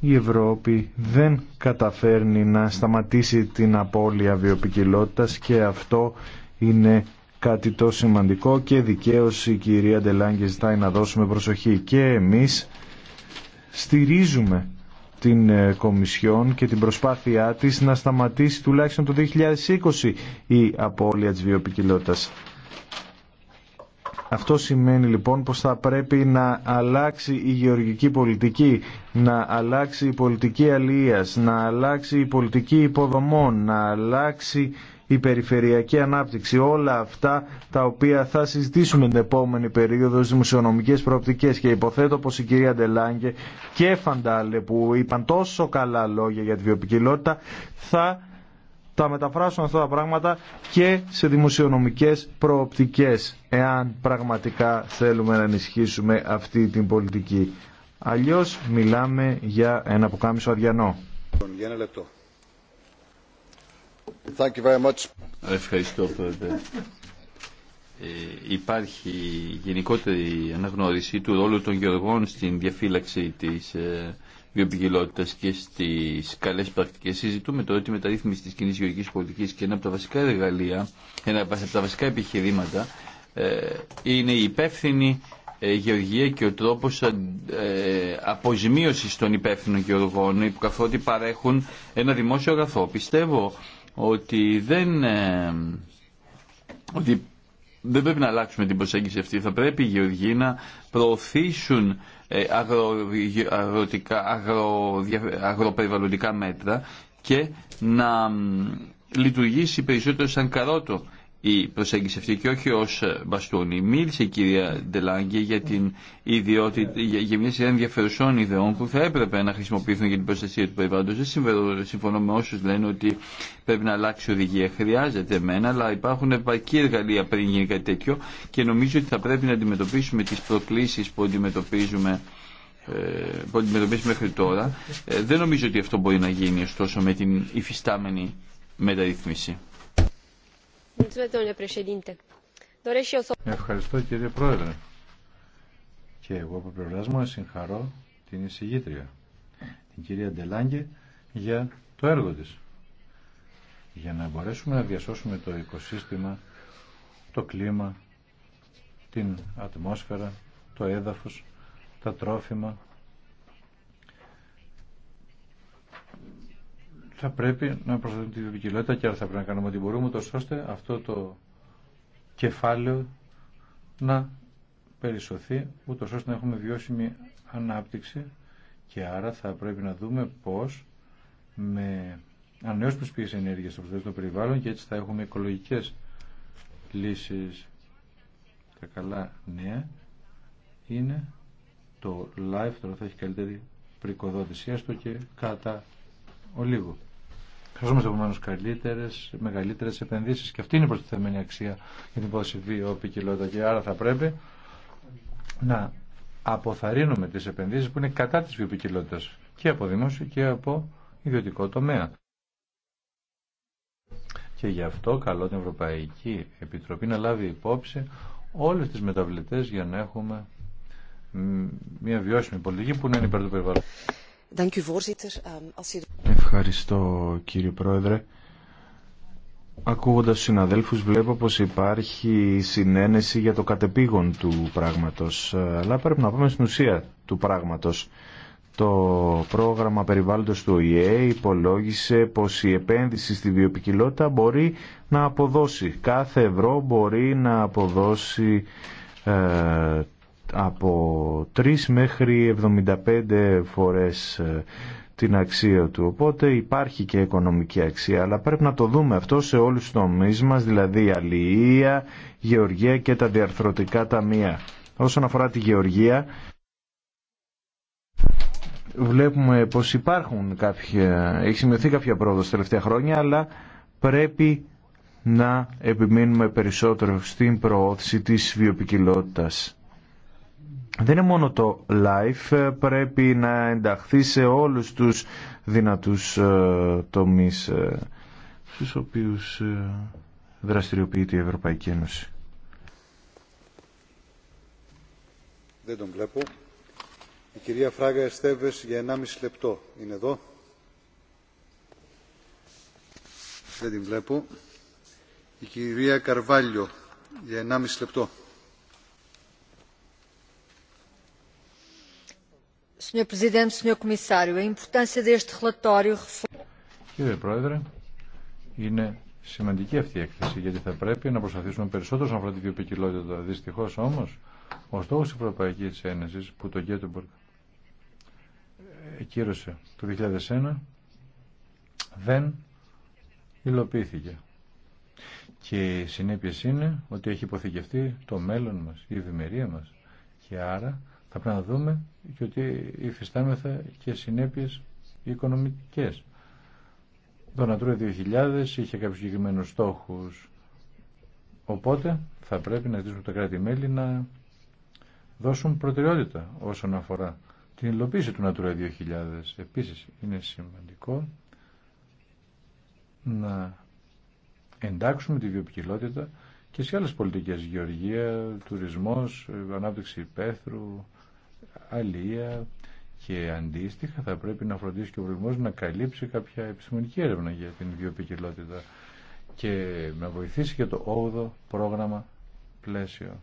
Η Ευρώπη δεν καταφέρνει να σταματήσει την απώλεια βιοπικιλότητας και αυτό είναι κάτι το σημαντικό και δικαίως η κυρία Ντελάνκη ζητάει να δώσουμε προσοχή και εμείς στηρίζουμε την ε, Κομισιόν και την προσπάθειά της να σταματήσει τουλάχιστον το 2020 η απώλεια της βιοπικιλότητας. Αυτό σημαίνει λοιπόν πως θα πρέπει να αλλάξει η γεωργική πολιτική, να αλλάξει η πολιτική αλίας, να αλλάξει η πολιτική υποδομών, να αλλάξει η περιφερειακή ανάπτυξη, όλα αυτά τα οποία θα συζητήσουμε την επόμενη περίοδο στις δημοσιονομικές προοπτικές και υποθέτω πως η κυρία Ντελάνγκε και Φαντάλε που είπαν τόσο καλά λόγια για τη βιοπικιλότητα θα τα μεταφράσουν αυτά τα πράγματα και σε δημοσιονομικές προοπτικές εάν πραγματικά θέλουμε να ενισχύσουμε αυτή την πολιτική. Αλλιώς μιλάμε για ένα αποκάμισο αδιανό. Για ένα λεπτό. Ευχαριστώ, Πρόεδρε. Ε, υπάρχει γενικότερη αναγνώριση του ρόλου των γεωργών στην διαφύλαξη της ε, και στις καλές πρακτικές. Συζητούμε τώρα τη μεταρρύθμιση της κοινή γεωργικής πολιτικής και ένα από τα βασικά εργαλεία, ένα από τα βασικά επιχειρήματα ε, είναι η υπεύθυνη ε, γεωργία και ο τρόπος αποζημίωσης των υπεύθυνων γεωργών καθότι παρέχουν ένα δημόσιο αγαθό. Πιστεύω ότι δεν, ε, ότι δεν πρέπει να αλλάξουμε την προσέγγιση αυτή. Θα πρέπει οι γεωργοί να προωθήσουν ε, αγρο, αγροτικά, αγρο, αγροπεριβαλλοντικά μέτρα και να λειτουργήσει περισσότερο σαν καρότο η προσέγγιση αυτή και όχι ως ε, μπαστούνι. Μίλησε η κυρία Ντελάγκη για, την ιδιότητα, για, για μια σειρά ενδιαφερουσών ιδεών που θα έπρεπε να χρησιμοποιηθούν για την προστασία του περιβάλλοντος. Δεν συμφωνώ με όσους λένε ότι πρέπει να αλλάξει οδηγία. Χρειάζεται εμένα, αλλά υπάρχουν επαρκή εργαλεία πριν γίνει κάτι τέτοιο και νομίζω ότι θα πρέπει να αντιμετωπίσουμε τις προκλήσεις που αντιμετωπίζουμε ε, που αντιμετωπίσουμε μέχρι τώρα. Ε, δεν νομίζω ότι αυτό μπορεί να γίνει ωστόσο με την υφιστάμενη μεταρρύθμιση. Ευχαριστώ κύριε Πρόεδρε. Και εγώ από πλευρά μου συγχαρώ την εισηγήτρια, την κυρία Ντελάγκε, για το έργο της. Για να μπορέσουμε να διασώσουμε το οικοσύστημα, το κλίμα, την ατμόσφαιρα, το έδαφος, τα τρόφιμα, θα πρέπει να προστατεύουμε τη βικιλότα και άρα θα πρέπει να κάνουμε ό,τι μπορούμε, τόσο ώστε αυτό το κεφάλαιο να περισσωθεί, ούτω ώστε να έχουμε βιώσιμη ανάπτυξη και άρα θα πρέπει να δούμε πώς με ανανεώσιμες πηγές ενέργειας θα προστατεύσουμε το περιβάλλον και έτσι θα έχουμε οικολογικές λύσεις. Τα καλά νέα είναι το live τώρα θα έχει καλύτερη πρικοδότηση έστω και κατά ο λίγο. Χρειαζόμαστε επομένω καλύτερε, μεγαλύτερε επενδύσει και αυτή είναι η προστιθέμενη αξία για την πόση βιοπικιλότητα. Και άρα θα πρέπει να αποθαρρύνουμε τι επενδύσει που είναι κατά τη βιοπικιλότητα και από δημόσιο και από ιδιωτικό τομέα. Και γι' αυτό καλό την Ευρωπαϊκή Επιτροπή να λάβει υπόψη όλες τις μεταβλητές για να έχουμε μια βιώσιμη πολιτική που να είναι υπέρ του περιβάλλοντος. Ehm, Ευχαριστώ κύριε Πρόεδρε. Ακούγοντας τους συναδέλφους βλέπω πως υπάρχει συνένεση για το κατεπήγον του πράγματος, ε, αλλά πρέπει να πάμε στην ουσία του πράγματος. Το πρόγραμμα περιβάλλοντος του ΟΗΕ υπολόγισε πως η επένδυση στη βιοπικιλότητα μπορεί να αποδώσει. Κάθε ευρώ μπορεί να αποδώσει ε, από 3 μέχρι 75 φορές ε, την αξία του. Οπότε υπάρχει και οικονομική αξία, αλλά πρέπει να το δούμε αυτό σε όλους τους τομείς μας, δηλαδή αλληλεία, γεωργία και τα διαρθρωτικά ταμεία. Όσον αφορά τη γεωργία, βλέπουμε πως υπάρχουν κάποια, έχει σημειωθεί κάποια πρόοδος τελευταία χρόνια, αλλά πρέπει να επιμείνουμε περισσότερο στην προώθηση της βιοπικιλότητας δεν είναι μόνο το LIFE, ε, πρέπει να ενταχθεί σε όλους τους δυνατούς ε, τομείς ε, στους οποίους δραστηριοποιείται η Ευρωπαϊκή Ένωση. Δεν τον βλέπω. Η κυρία Φράγα Εστέβες για 1,5 λεπτό είναι εδώ. Δεν την βλέπω. Η κυρία Καρβάλιο για 1,5 λεπτό. Κύριε Πρόεδρε, είναι σημαντική αυτή η έκθεση γιατί θα πρέπει να προσπαθήσουμε περισσότερο να βρούμε τη βιοπικιλότητα. Δυστυχώ όμω, ο στόχο τη Ευρωπαϊκή Ένωση που το Γκέτεμπορκ κύρωσε το 2001 δεν υλοποιήθηκε. Και οι συνέπειε είναι ότι έχει υποθηκευτεί το μέλλον μα, η ευημερία μα. Και άρα θα πρέπει να δούμε και ότι υφιστάμεθα και συνέπειες οικονομικές. Το Natura 2000 είχε κάποιους συγκεκριμένου στόχους. Οπότε θα πρέπει να ζητήσουμε τα κράτη-μέλη να δώσουν προτεραιότητα όσον αφορά την υλοποίηση του Natura 2000. Επίσης είναι σημαντικό να εντάξουμε τη βιοποικιλότητα και σε άλλες πολιτικές, γεωργία, τουρισμός, ε, ανάπτυξη υπαίθρου, αλία και αντίστοιχα θα πρέπει να φροντίσει και ο προηγούμενος να καλύψει κάποια επιστημονική έρευνα για την βιοπικιλότητα και να βοηθήσει και το 8ο πρόγραμμα πλαίσιο.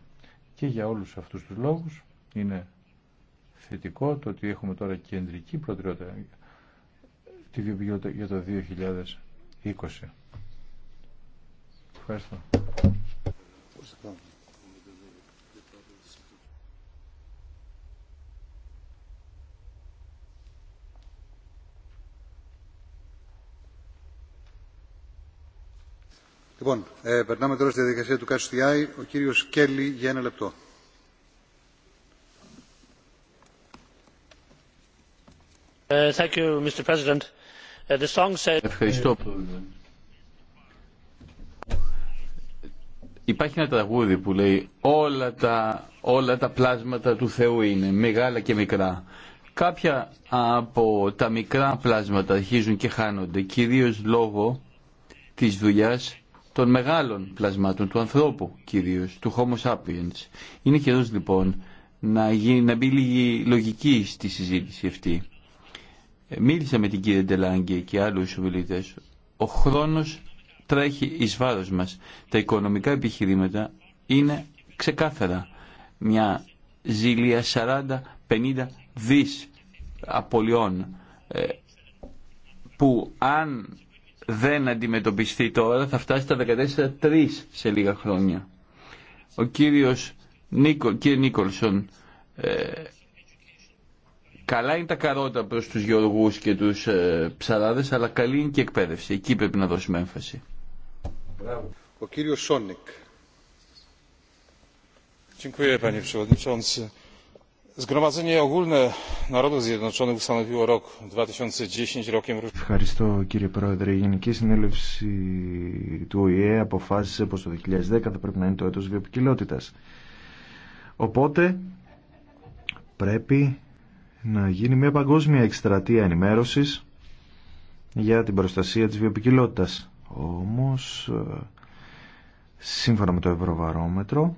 Και για όλους αυτούς τους λόγους είναι θετικό το ότι έχουμε τώρα κεντρική προτεραιότητα τη για το 2020. Ευχαριστώ. Λοιπόν, ε, περνάμε τώρα στη διαδικασία του ΚΑΣΤΙΑΗ. Ο κύριος Κέλλη για ένα λεπτό. Ε, thank you, Mr. President. Ε, Ευχαριστώ. Υπάρχει ένα τραγούδι που λέει όλα τα, όλα τα πλάσματα του Θεού είναι, μεγάλα και μικρά. Κάποια από τα μικρά πλάσματα αρχίζουν και χάνονται, κυρίως λόγω της δουλειάς των μεγάλων πλασμάτων, του ανθρώπου κυρίως, του Homo sapiens. Είναι καιρός λοιπόν να, να μπει λίγη λογική στη συζήτηση αυτή. Ε, μίλησα με την κύριε Ντελάγκη και άλλους ομιλητές. Ο χρόνος τρέχει εις βάρος μας. Τα οικονομικά επιχειρήματα είναι ξεκάθαρα. Μια ζήλια 40-50 δις απολειών ε, που αν δεν αντιμετωπιστεί τώρα θα φτάσει στα 14-3 σε λίγα χρόνια. Ο κύριος Νίκο, κύριε Νίκολσον, ε, καλά είναι τα καρότα προς τους γεωργούς και τους ε, ψαράδες, αλλά καλή είναι και η εκπαίδευση. Εκεί πρέπει να δώσουμε έμφαση. Ο κύριος Σόνικ. Ευχαριστώ κύριε Πρόεδρε. Η Γενική Συνέλευση του ΟΗΕ αποφάσισε πως το 2010 θα πρέπει να είναι το έτος βιοποικιλότητας. Οπότε πρέπει να γίνει μια παγκόσμια εκστρατεία ενημέρωσης για την προστασία της βιοποικιλότητας. Όμως, ε, σύμφωνα με το Ευρωβαρόμετρο,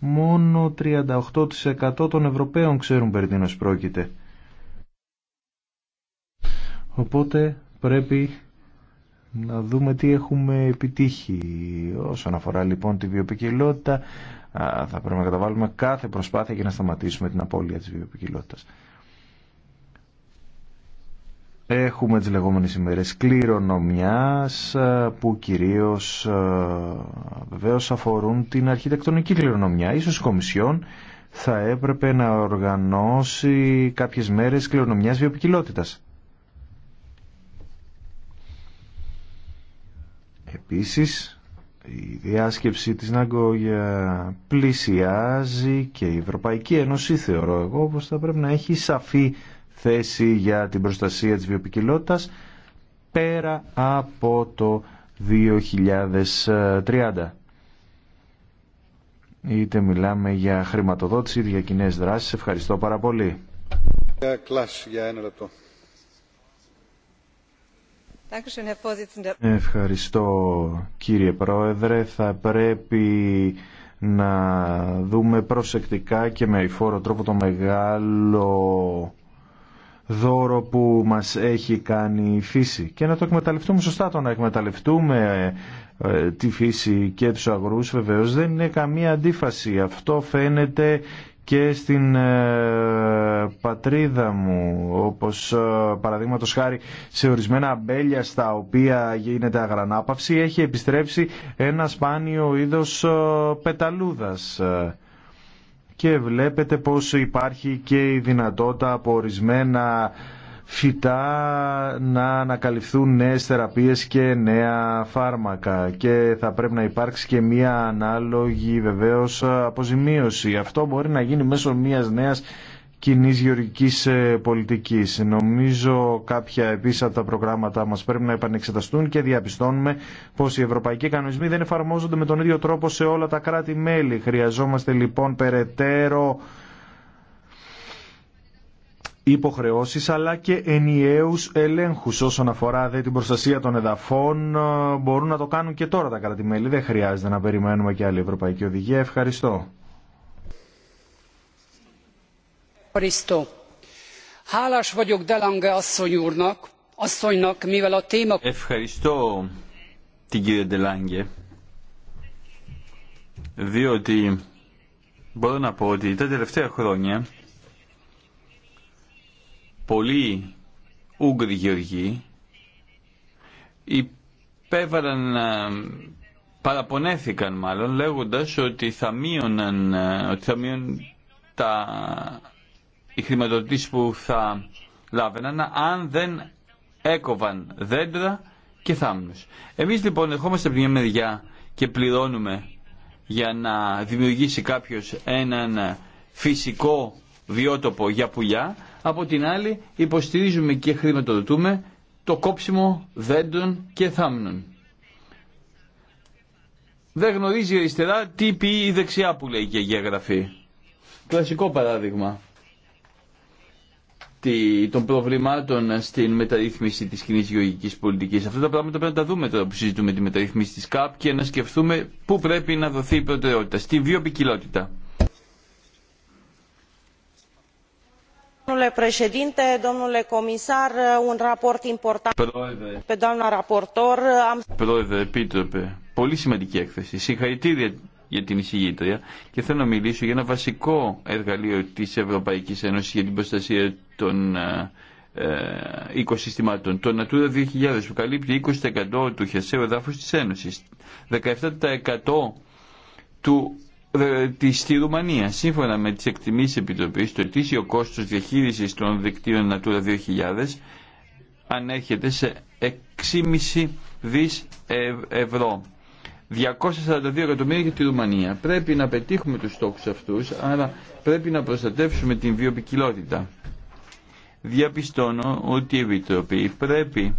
μόνο 38% των Ευρωπαίων ξέρουν περί τίνος πρόκειται. Οπότε πρέπει να δούμε τι έχουμε επιτύχει όσον αφορά λοιπόν τη βιοπικιλότητα. Θα πρέπει να καταβάλουμε κάθε προσπάθεια για να σταματήσουμε την απώλεια της βιοπικιλότητας. Έχουμε τις λεγόμενες ημέρες κληρονομιάς ε, που κυρίως ε, βεβαίως αφορούν την αρχιτεκτονική κληρονομιά. Ίσως η Κομισιόν θα έπρεπε να οργανώσει κάποιες μέρες κληρονομιάς βιοπικιλότητας. Επίσης, η διάσκεψη της Ναγκόγια πλησιάζει και η Ευρωπαϊκή Ένωση θεωρώ εγώ πως θα πρέπει να έχει σαφή θέση για την προστασία της βιοπικιλότητας πέρα από το 2030. Είτε μιλάμε για χρηματοδότηση, είτε για κοινέ δράσεις. Ευχαριστώ πάρα πολύ. Ευχαριστώ κύριε Πρόεδρε. Θα πρέπει να δούμε προσεκτικά και με αηφόρο τρόπο το μεγάλο δώρο που μας έχει κάνει η φύση και να το εκμεταλλευτούμε σωστά το να εκμεταλλευτούμε ε, τη φύση και τους αγρούς βεβαίως δεν είναι καμία αντίφαση αυτό φαίνεται και στην ε, πατρίδα μου όπως ε, παραδείγματο χάρη σε ορισμένα αμπέλια στα οποία γίνεται αγρανάπαυση έχει επιστρέψει ένα σπάνιο είδος πεταλούδας και βλέπετε πως υπάρχει και η δυνατότητα από ορισμένα φυτά να ανακαλυφθούν νέες θεραπείες και νέα φάρμακα και θα πρέπει να υπάρξει και μία ανάλογη βεβαίως αποζημίωση. Αυτό μπορεί να γίνει μέσω μιας νέας κοινή γεωργική ε, πολιτική. Νομίζω κάποια επίση από τα προγράμματα μας πρέπει να επανεξεταστούν και διαπιστώνουμε πως οι ευρωπαϊκοί κανονισμοί δεν εφαρμόζονται με τον ίδιο τρόπο σε όλα τα κράτη-μέλη. Χρειαζόμαστε λοιπόν περαιτέρω υποχρεώσεις αλλά και ενιαίους ελέγχους όσον αφορά δε, την προστασία των εδαφών ε, μπορούν να το κάνουν και τώρα τα κράτη-μέλη δεν χρειάζεται να περιμένουμε και άλλη ευρωπαϊκή οδηγία ευχαριστώ Ευχαριστώ την κυρία Ντελάνγκε διότι μπορώ να πω ότι τα τελευταία χρόνια πολλοί Ούγγροι γεωργοί υπέβαλαν ε, παραπονέθηκαν μάλλον λέγοντας ότι θα μείωναν, ε, ότι θα μείωναν τα οι που θα λάβαιναν αν δεν έκοβαν δέντρα και θάμνους. Εμείς λοιπόν ερχόμαστε από μια μεριά και πληρώνουμε για να δημιουργήσει κάποιος έναν φυσικό βιότοπο για πουλιά, από την άλλη υποστηρίζουμε και χρηματοδοτούμε το κόψιμο δέντρων και θάμνων. Δεν γνωρίζει η αριστερά τι πει η δεξιά που λέει και η γεγραφή. Κλασικό παράδειγμα των προβλημάτων στην μεταρρύθμιση της κοινή γεωργικής πολιτικής. Αυτά τα πράγματα πρέπει να τα δούμε τώρα που συζητούμε τη μεταρρύθμιση της ΚΑΠ και να σκεφτούμε πού πρέπει να δοθεί η προτεραιότητα, στη βιοπικιλότητα. Πρόεδρε, επίτροπε, πολύ σημαντική έκθεση. Συγχαρητήρια για την εισηγήτρια και θέλω να μιλήσω για ένα βασικό εργαλείο της Ευρωπαϊκής Ένωσης για την προστασία των ε, ε, οικοσυστημάτων. Το Natura 2000 που καλύπτει 20% του χερσαίου εδάφους της Ένωσης, 17% του ε, της στη Ρουμανία. Σύμφωνα με τις εκτιμήσεις επιτροπής, το ετήσιο κόστος διαχείρισης των δικτύων Natura 2000 ανέρχεται σε 6,5 δις ευρώ. 242 εκατομμύρια για τη Ρουμανία. Πρέπει να πετύχουμε τους στόχους αυτούς, άρα πρέπει να προστατεύσουμε την βιοπικιλότητα. Διαπιστώνω ότι η Επιτροπή πρέπει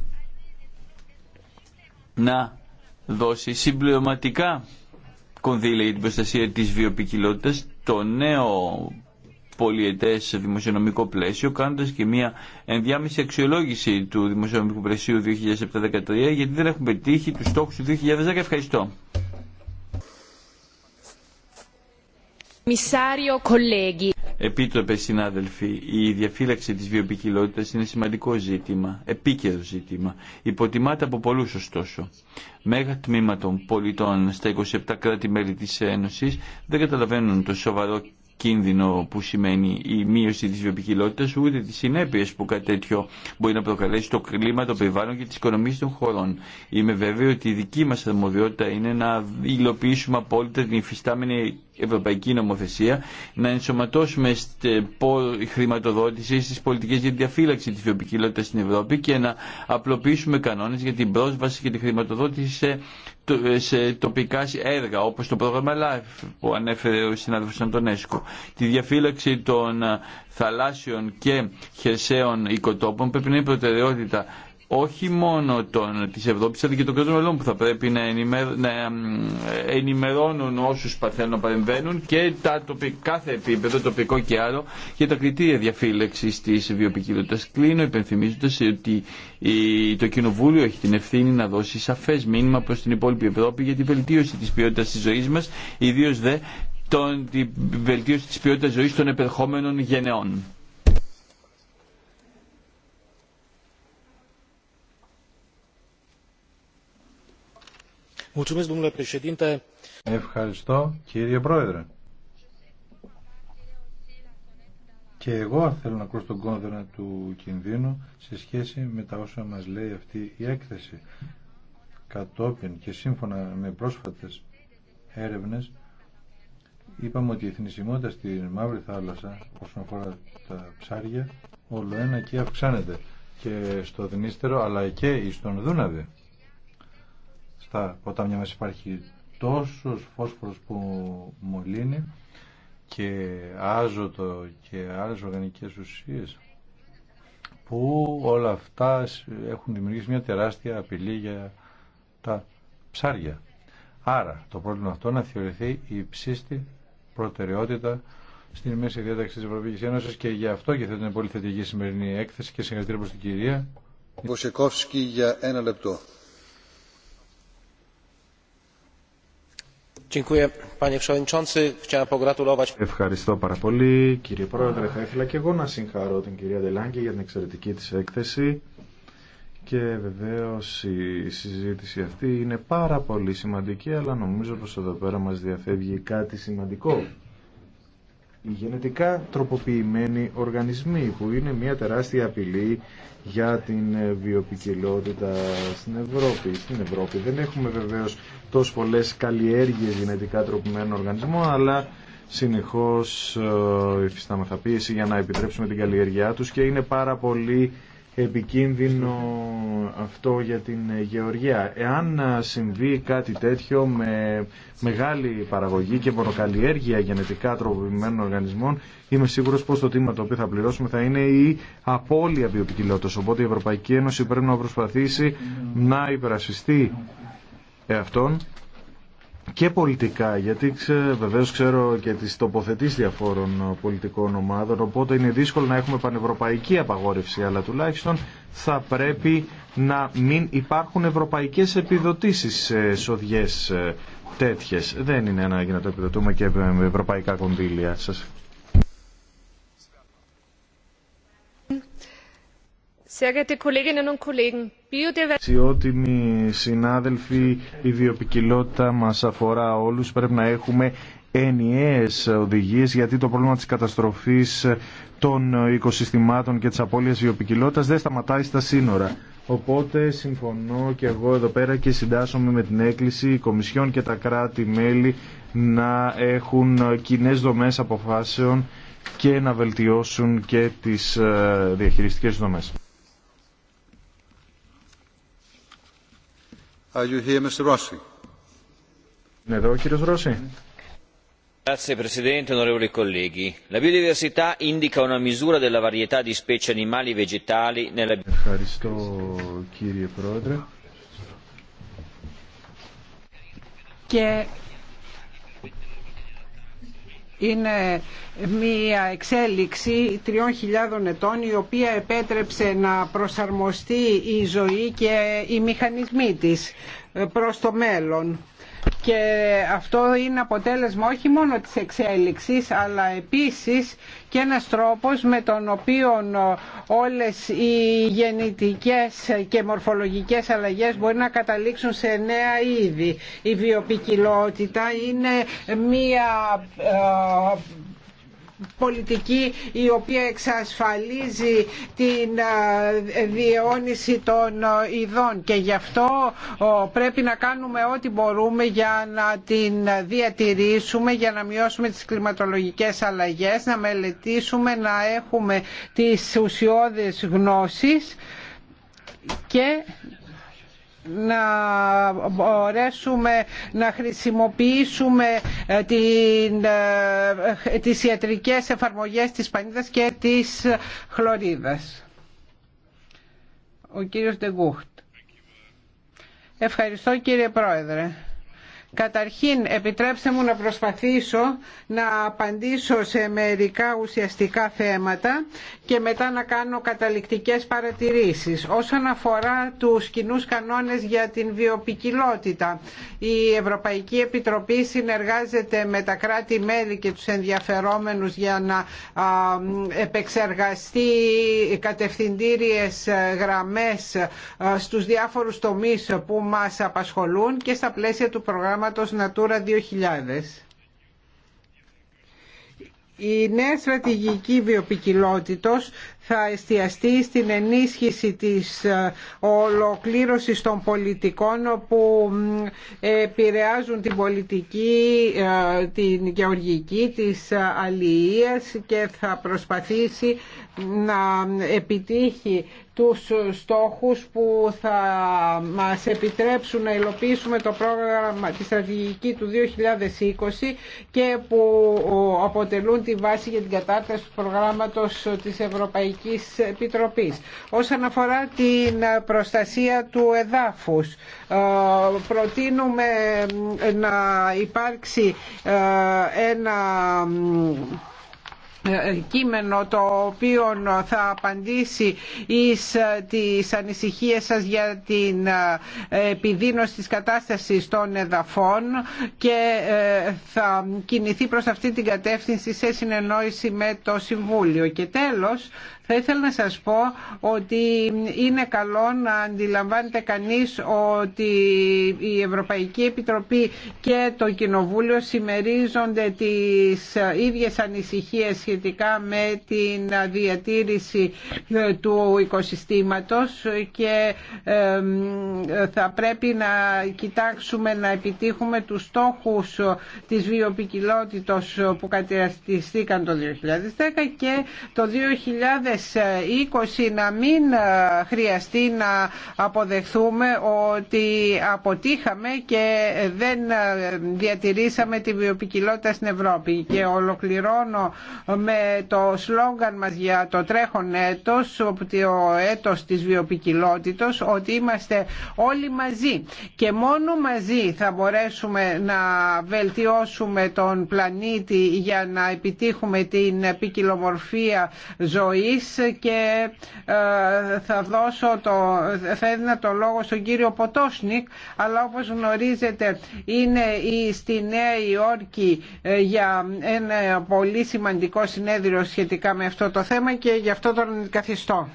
να δώσει συμπληρωματικά κονδύλια για την προστασία της βιοπικιλότητας. Το νέο πολιετές δημοσιονομικό πλαίσιο κάνοντας και μια ενδιάμεση αξιολόγηση του δημοσιονομικού πλαίσιου 2007-2013 γιατί δεν έχουν πετύχει τους στόχους του 2010. Ευχαριστώ. Επίτροπε συνάδελφοι, η διαφύλαξη της βιοπικιλότητας είναι σημαντικό ζήτημα, επίκαιρο ζήτημα. Υποτιμάται από πολλούς ωστόσο. Μέγα τμήμα των πολιτών στα 27 κράτη-μέλη της Ένωσης δεν καταλαβαίνουν το σοβαρό κίνδυνο που σημαίνει η μείωση της βιοποικιλότητας ούτε τις συνέπειες που κάτι τέτοιο μπορεί να προκαλέσει το κλίμα, το περιβάλλον και τις οικονομίες των χωρών. Είμαι βέβαιο ότι η δική μας αρμοδιότητα είναι να υλοποιήσουμε απόλυτα την υφιστάμενη ευρωπαϊκή νομοθεσία, να ενσωματώσουμε χρηματοδότηση στις πολιτικές για τη διαφύλαξη της βιοποικιλότητας στην Ευρώπη και να απλοποιήσουμε κανόνες για την πρόσβαση και τη χρηματοδότηση σε σε τοπικά έργα όπως το πρόγραμμα LIFE που ανέφερε ο συνάδελφος Αντωνέσκο. Τη διαφύλαξη των ε, θαλάσσιων και χερσαίων οικοτόπων πρέπει να είναι προτεραιότητα όχι μόνο τον, της Ευρώπης αλλά και των κρατών μελών που θα πρέπει να, ενημερ, να ενημερώνουν όσους παθαίνουν να παρεμβαίνουν και τα κάθε επίπεδο, τοπικό και άλλο, για τα κριτήρια διαφύλαξης της βιοποικιλότητας. Κλείνω υπενθυμίζοντας ότι το Κοινοβούλιο έχει την ευθύνη να δώσει σαφές μήνυμα προς την υπόλοιπη Ευρώπη για τη βελτίωση της ποιότητας της ζωής μας, ιδίως δε τον, τη βελτίωση της ποιότητας ζωής των επερχόμενων γενεών. Ευχαριστώ κύριε Πρόεδρε. Και εγώ θέλω να ακούσω τον κόνδυνα του κινδύνου σε σχέση με τα όσα μας λέει αυτή η έκθεση. Κατόπιν και σύμφωνα με πρόσφατες έρευνες είπαμε ότι η εθνισμότητα στη Μαύρη Θάλασσα όσον αφορά τα ψάρια όλο ένα και αυξάνεται και στο Δνύστερο αλλά και στον Δούναβη στα ποτάμια μας υπάρχει τόσος φόσφορος που μολύνει και άζωτο και άλλες οργανικές ουσίες που όλα αυτά έχουν δημιουργήσει μια τεράστια απειλή για τα ψάρια. Άρα το πρόβλημα αυτό να θεωρηθεί η ψήστη προτεραιότητα στην μέση διάταξη της Ευρωπαϊκή Ένωση και γι' αυτό και θέτω πολύ θετική σημερινή έκθεση και συγχαρητήρια προς την κυρία. για ένα λεπτό. Ευχαριστώ πάρα πολύ κύριε Πρόεδρε. Θα ήθελα και εγώ να συγχαρώ την κυρία Ντελάνγκη για την εξαιρετική της έκθεση και βεβαίως η συζήτηση αυτή είναι πάρα πολύ σημαντική αλλά νομίζω πως εδώ πέρα μας διαφεύγει κάτι σημαντικό οι γενετικά τροποποιημένοι οργανισμοί που είναι μια τεράστια απειλή για την ε, βιοπικιλότητα στην Ευρώπη. Στην Ευρώπη δεν έχουμε βεβαίως τόσο πολλές καλλιέργειες γενετικά τροποποιημένων οργανισμών αλλά συνεχώς ε, υφιστάμεθα πίεση για να επιτρέψουμε την καλλιέργειά τους και είναι πάρα πολύ επικίνδυνο αυτό για την γεωργία. Εάν συμβεί κάτι τέτοιο με μεγάλη παραγωγή και μονοκαλλιέργεια γενετικά τροποποιημένων οργανισμών, είμαι σίγουρος πως το τίμα το οποίο θα πληρώσουμε θα είναι η απώλεια βιοπικιλότητας. Οπότε η Ευρωπαϊκή Ένωση πρέπει να προσπαθήσει να υπερασπιστεί εαυτόν και πολιτικά, γιατί ξε, βεβαίως ξέρω και τις τοποθετήσεις διαφόρων πολιτικών ομάδων, οπότε είναι δύσκολο να έχουμε πανευρωπαϊκή απαγόρευση, αλλά τουλάχιστον θα πρέπει να μην υπάρχουν ευρωπαϊκές επιδοτήσεις σε σοδιές ε, τέτοιες. Δεν είναι ανάγκη να το επιδοτούμε και με ευρωπαϊκά κονδύλια. Σας Αξιότιμοι συνάδελφοι, η βιοπικιλότητα μας αφορά όλους. Πρέπει να έχουμε ενιαίες οδηγίες γιατί το πρόβλημα της καταστροφής των οικοσυστημάτων και της απώλειας βιοπικιλότητας δεν σταματάει στα σύνορα. Οπότε συμφωνώ και εγώ εδώ πέρα και συντάσσομαι με την έκκληση οι Κομισιόν και τα κράτη-μέλη να έχουν κοινέ δομέ αποφάσεων και να βελτιώσουν και τις ε, διαχειριστικές δομές. Are Είναι εδώ ο κύριος Grazie Presidente, onorevoli colleghi. La biodiversità indica una misura della varietà di specie animali e vegetali nella... Ευχαριστώ κύριε Πρόεδρε. Είναι μία εξέλιξη τριών χιλιάδων ετών η οποία επέτρεψε να προσαρμοστεί η ζωή και οι μηχανισμοί της προς το μέλλον και αυτό είναι αποτέλεσμα όχι μόνο της εξέλιξης αλλά επίσης και ένας τρόπος με τον οποίο όλες οι γεννητικές και μορφολογικές αλλαγές μπορεί να καταλήξουν σε νέα είδη. Η βιοπικιλότητα είναι μία ε, πολιτική η οποία εξασφαλίζει την διαιώνιση των ειδών και γι' αυτό πρέπει να κάνουμε ό,τι μπορούμε για να την διατηρήσουμε, για να μειώσουμε τις κλιματολογικές αλλαγές, να μελετήσουμε, να έχουμε τις ουσιώδες γνώσεις και να μπορέσουμε να χρησιμοποιήσουμε ε, την, ε, ε, τις ιατρικές εφαρμογές της πανίδας και της χλωρίδας. Ο κύριος Ντεγκούχτ. Ευχαριστώ κύριε Πρόεδρε. Καταρχήν επιτρέψτε μου να προσπαθήσω να απαντήσω σε μερικά ουσιαστικά θέματα και μετά να κάνω καταληκτικές παρατηρήσεις. Όσον αφορά τους κοινού κανόνες για την βιοπικιλότητα, η Ευρωπαϊκή Επιτροπή συνεργάζεται με τα κράτη-μέλη και τους ενδιαφερόμενους για να επεξεργαστεί κατευθυντήριες γραμμές στους διάφορους τομείς που μας απασχολούν και στα πλαίσια του προγράμματος προγράμματος Natura 2000. Η νέα στρατηγική βιοπικιλότητος θα εστιαστεί στην ενίσχυση της ε, ολοκλήρωσης των πολιτικών που επηρεάζουν την πολιτική, ε, την γεωργική, της ε, αλληλείας και θα προσπαθήσει να επιτύχει τους στόχους που θα μας επιτρέψουν να υλοποιήσουμε το πρόγραμμα τη στρατηγική του 2020 και που αποτελούν τη βάση για την κατάρτιση του προγράμματος της Ευρωπαϊκής Ευρωπαϊκής Επιτροπής. Όσον αφορά την προστασία του εδάφους, ε, προτείνουμε να υπάρξει ε, ένα ε, κείμενο το οποίο θα απαντήσει εις τις ανησυχίες σας για την επιδείνωση της κατάστασης των εδαφών και θα κινηθεί προς αυτή την κατεύθυνση σε συνεννόηση με το Συμβούλιο. Και τέλος θα ήθελα να σας πω ότι είναι καλό να αντιλαμβάνεται κανείς ότι η Ευρωπαϊκή Επιτροπή και το Κοινοβούλιο συμμερίζονται τις ίδιες ανησυχίες σχετικά με την διατήρηση του οικοσυστήματος και θα πρέπει να κοιτάξουμε να επιτύχουμε τους στόχους της βιοπικιλότητος που κατευθυνθήκαν το 2010 και το 2000 2020 να μην ε, χρειαστεί να αποδεχθούμε ότι αποτύχαμε και δεν ε, διατηρήσαμε τη βιοπικιλότητα στην Ευρώπη. Και ολοκληρώνω με το σλόγγαν μας για το τρέχον έτος, το έτος της βιοπικιλότητας ότι είμαστε όλοι μαζί και μόνο μαζί θα μπορέσουμε να βελτιώσουμε τον πλανήτη για να επιτύχουμε την ποικιλομορφία ζωής και ε, θα δώσω το, θα έδινα το λόγο στον κύριο Ποτόσνικ αλλά όπως γνωρίζετε είναι στη Νέα Υόρκη ε, για ένα πολύ σημαντικό συνέδριο σχετικά με αυτό το θέμα και γι' αυτό τον καθιστώ.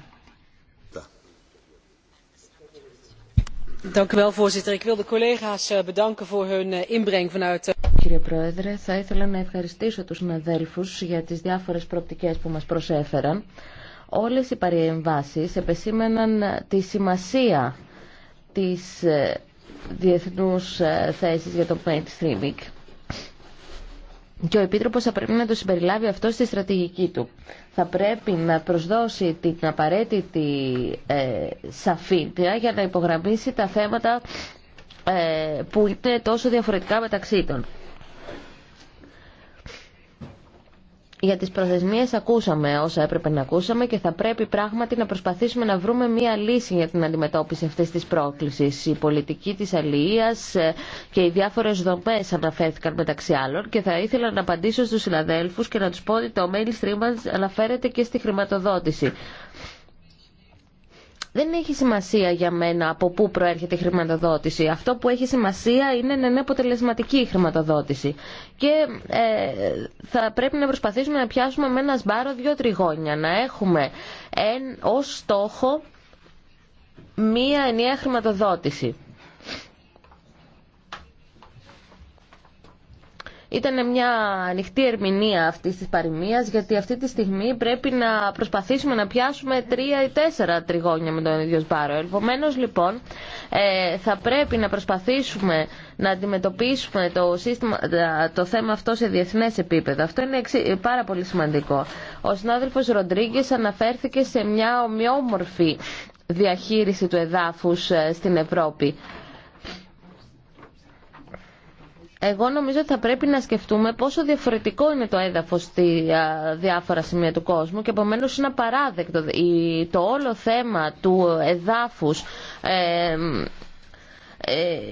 Κύριε Πρόεδρε, θα ήθελα να ευχαριστήσω τους συναδέλφους για τις διάφορες προοπτικές που μας προσέφεραν. Όλες οι παρεμβάσεις επεσήμεναν τη σημασία της ε, διεθνούς ε, θέσης για το mainstreaming και ο Επίτροπος θα πρέπει να το συμπεριλάβει αυτό στη στρατηγική του. Θα πρέπει να προσδώσει την απαραίτητη ε, σαφήνεια για να υπογραμμίσει τα θέματα ε, που είναι τόσο διαφορετικά μεταξύ των. για τις προθεσμίες ακούσαμε όσα έπρεπε να ακούσαμε και θα πρέπει πράγματι να προσπαθήσουμε να βρούμε μία λύση για την αντιμετώπιση αυτής της πρόκλησης. Η πολιτική της αλληλείας ε, και οι διάφορες δομές αναφέρθηκαν μεταξύ άλλων και θα ήθελα να απαντήσω στους συναδέλφους και να τους πω ότι το mail stream αναφέρεται και στη χρηματοδότηση. Δεν έχει σημασία για μένα από πού προέρχεται η χρηματοδότηση. Αυτό που έχει σημασία είναι να είναι αποτελεσματική η χρηματοδότηση. Και ε, θα πρέπει να προσπαθήσουμε να πιάσουμε με ένα σπάρο δύο τριγώνια. Να έχουμε ω ως στόχο μία ενιαία χρηματοδότηση. Ήταν μια ανοιχτή ερμηνεία αυτή τη παροιμία, γιατί αυτή τη στιγμή πρέπει να προσπαθήσουμε να πιάσουμε τρία ή τέσσερα τριγώνια με τον ίδιο σπάρο. Επομένω, λοιπόν, ε, θα πρέπει να προσπαθήσουμε να αντιμετωπίσουμε το, σύστημα, το θέμα αυτό σε διεθνέ επίπεδο. Αυτό είναι πάρα πολύ σημαντικό. Ο συνάδελφο Ροντρίγκε αναφέρθηκε σε μια ομοιόμορφη διαχείριση του εδάφους ε, στην Ευρώπη εγώ νομίζω ότι θα πρέπει να σκεφτούμε πόσο διαφορετικό είναι το έδαφος στη διάφορα σημεία του κόσμου και επομένω είναι απαράδεκτο το όλο θέμα του εδάφους ε,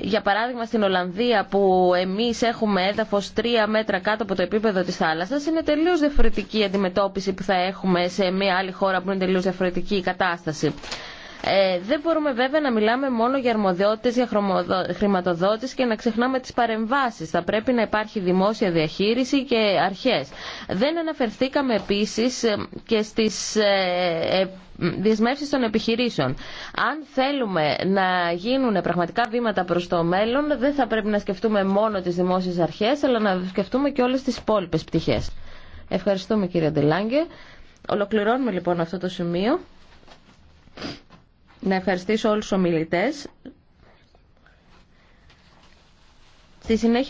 για παράδειγμα στην Ολλανδία που εμείς έχουμε έδαφος τρία μέτρα κάτω από το επίπεδο της θάλασσας είναι τελείως διαφορετική η αντιμετώπιση που θα έχουμε σε μια άλλη χώρα που είναι τελείως διαφορετική η κατάσταση. Ε, δεν μπορούμε βέβαια να μιλάμε μόνο για αρμοδιότητε για χρηματοδότηση και να ξεχνάμε τις παρεμβάσεις. Θα πρέπει να υπάρχει δημόσια διαχείριση και αρχές. Δεν αναφερθήκαμε επίσης ε, και στις ε, δεσμεύσεις των επιχειρήσεων. Αν θέλουμε να γίνουν πραγματικά βήματα προς το μέλλον, δεν θα πρέπει να σκεφτούμε μόνο τις δημόσιες αρχές, αλλά να σκεφτούμε και όλες τις υπόλοιπε πτυχές. Ευχαριστούμε κύριε Ντελάγκε. Ολοκληρώνουμε λοιπόν αυτό το σημείο να ευχαριστήσω όλους τους ομιλητές. Στη συνέχεια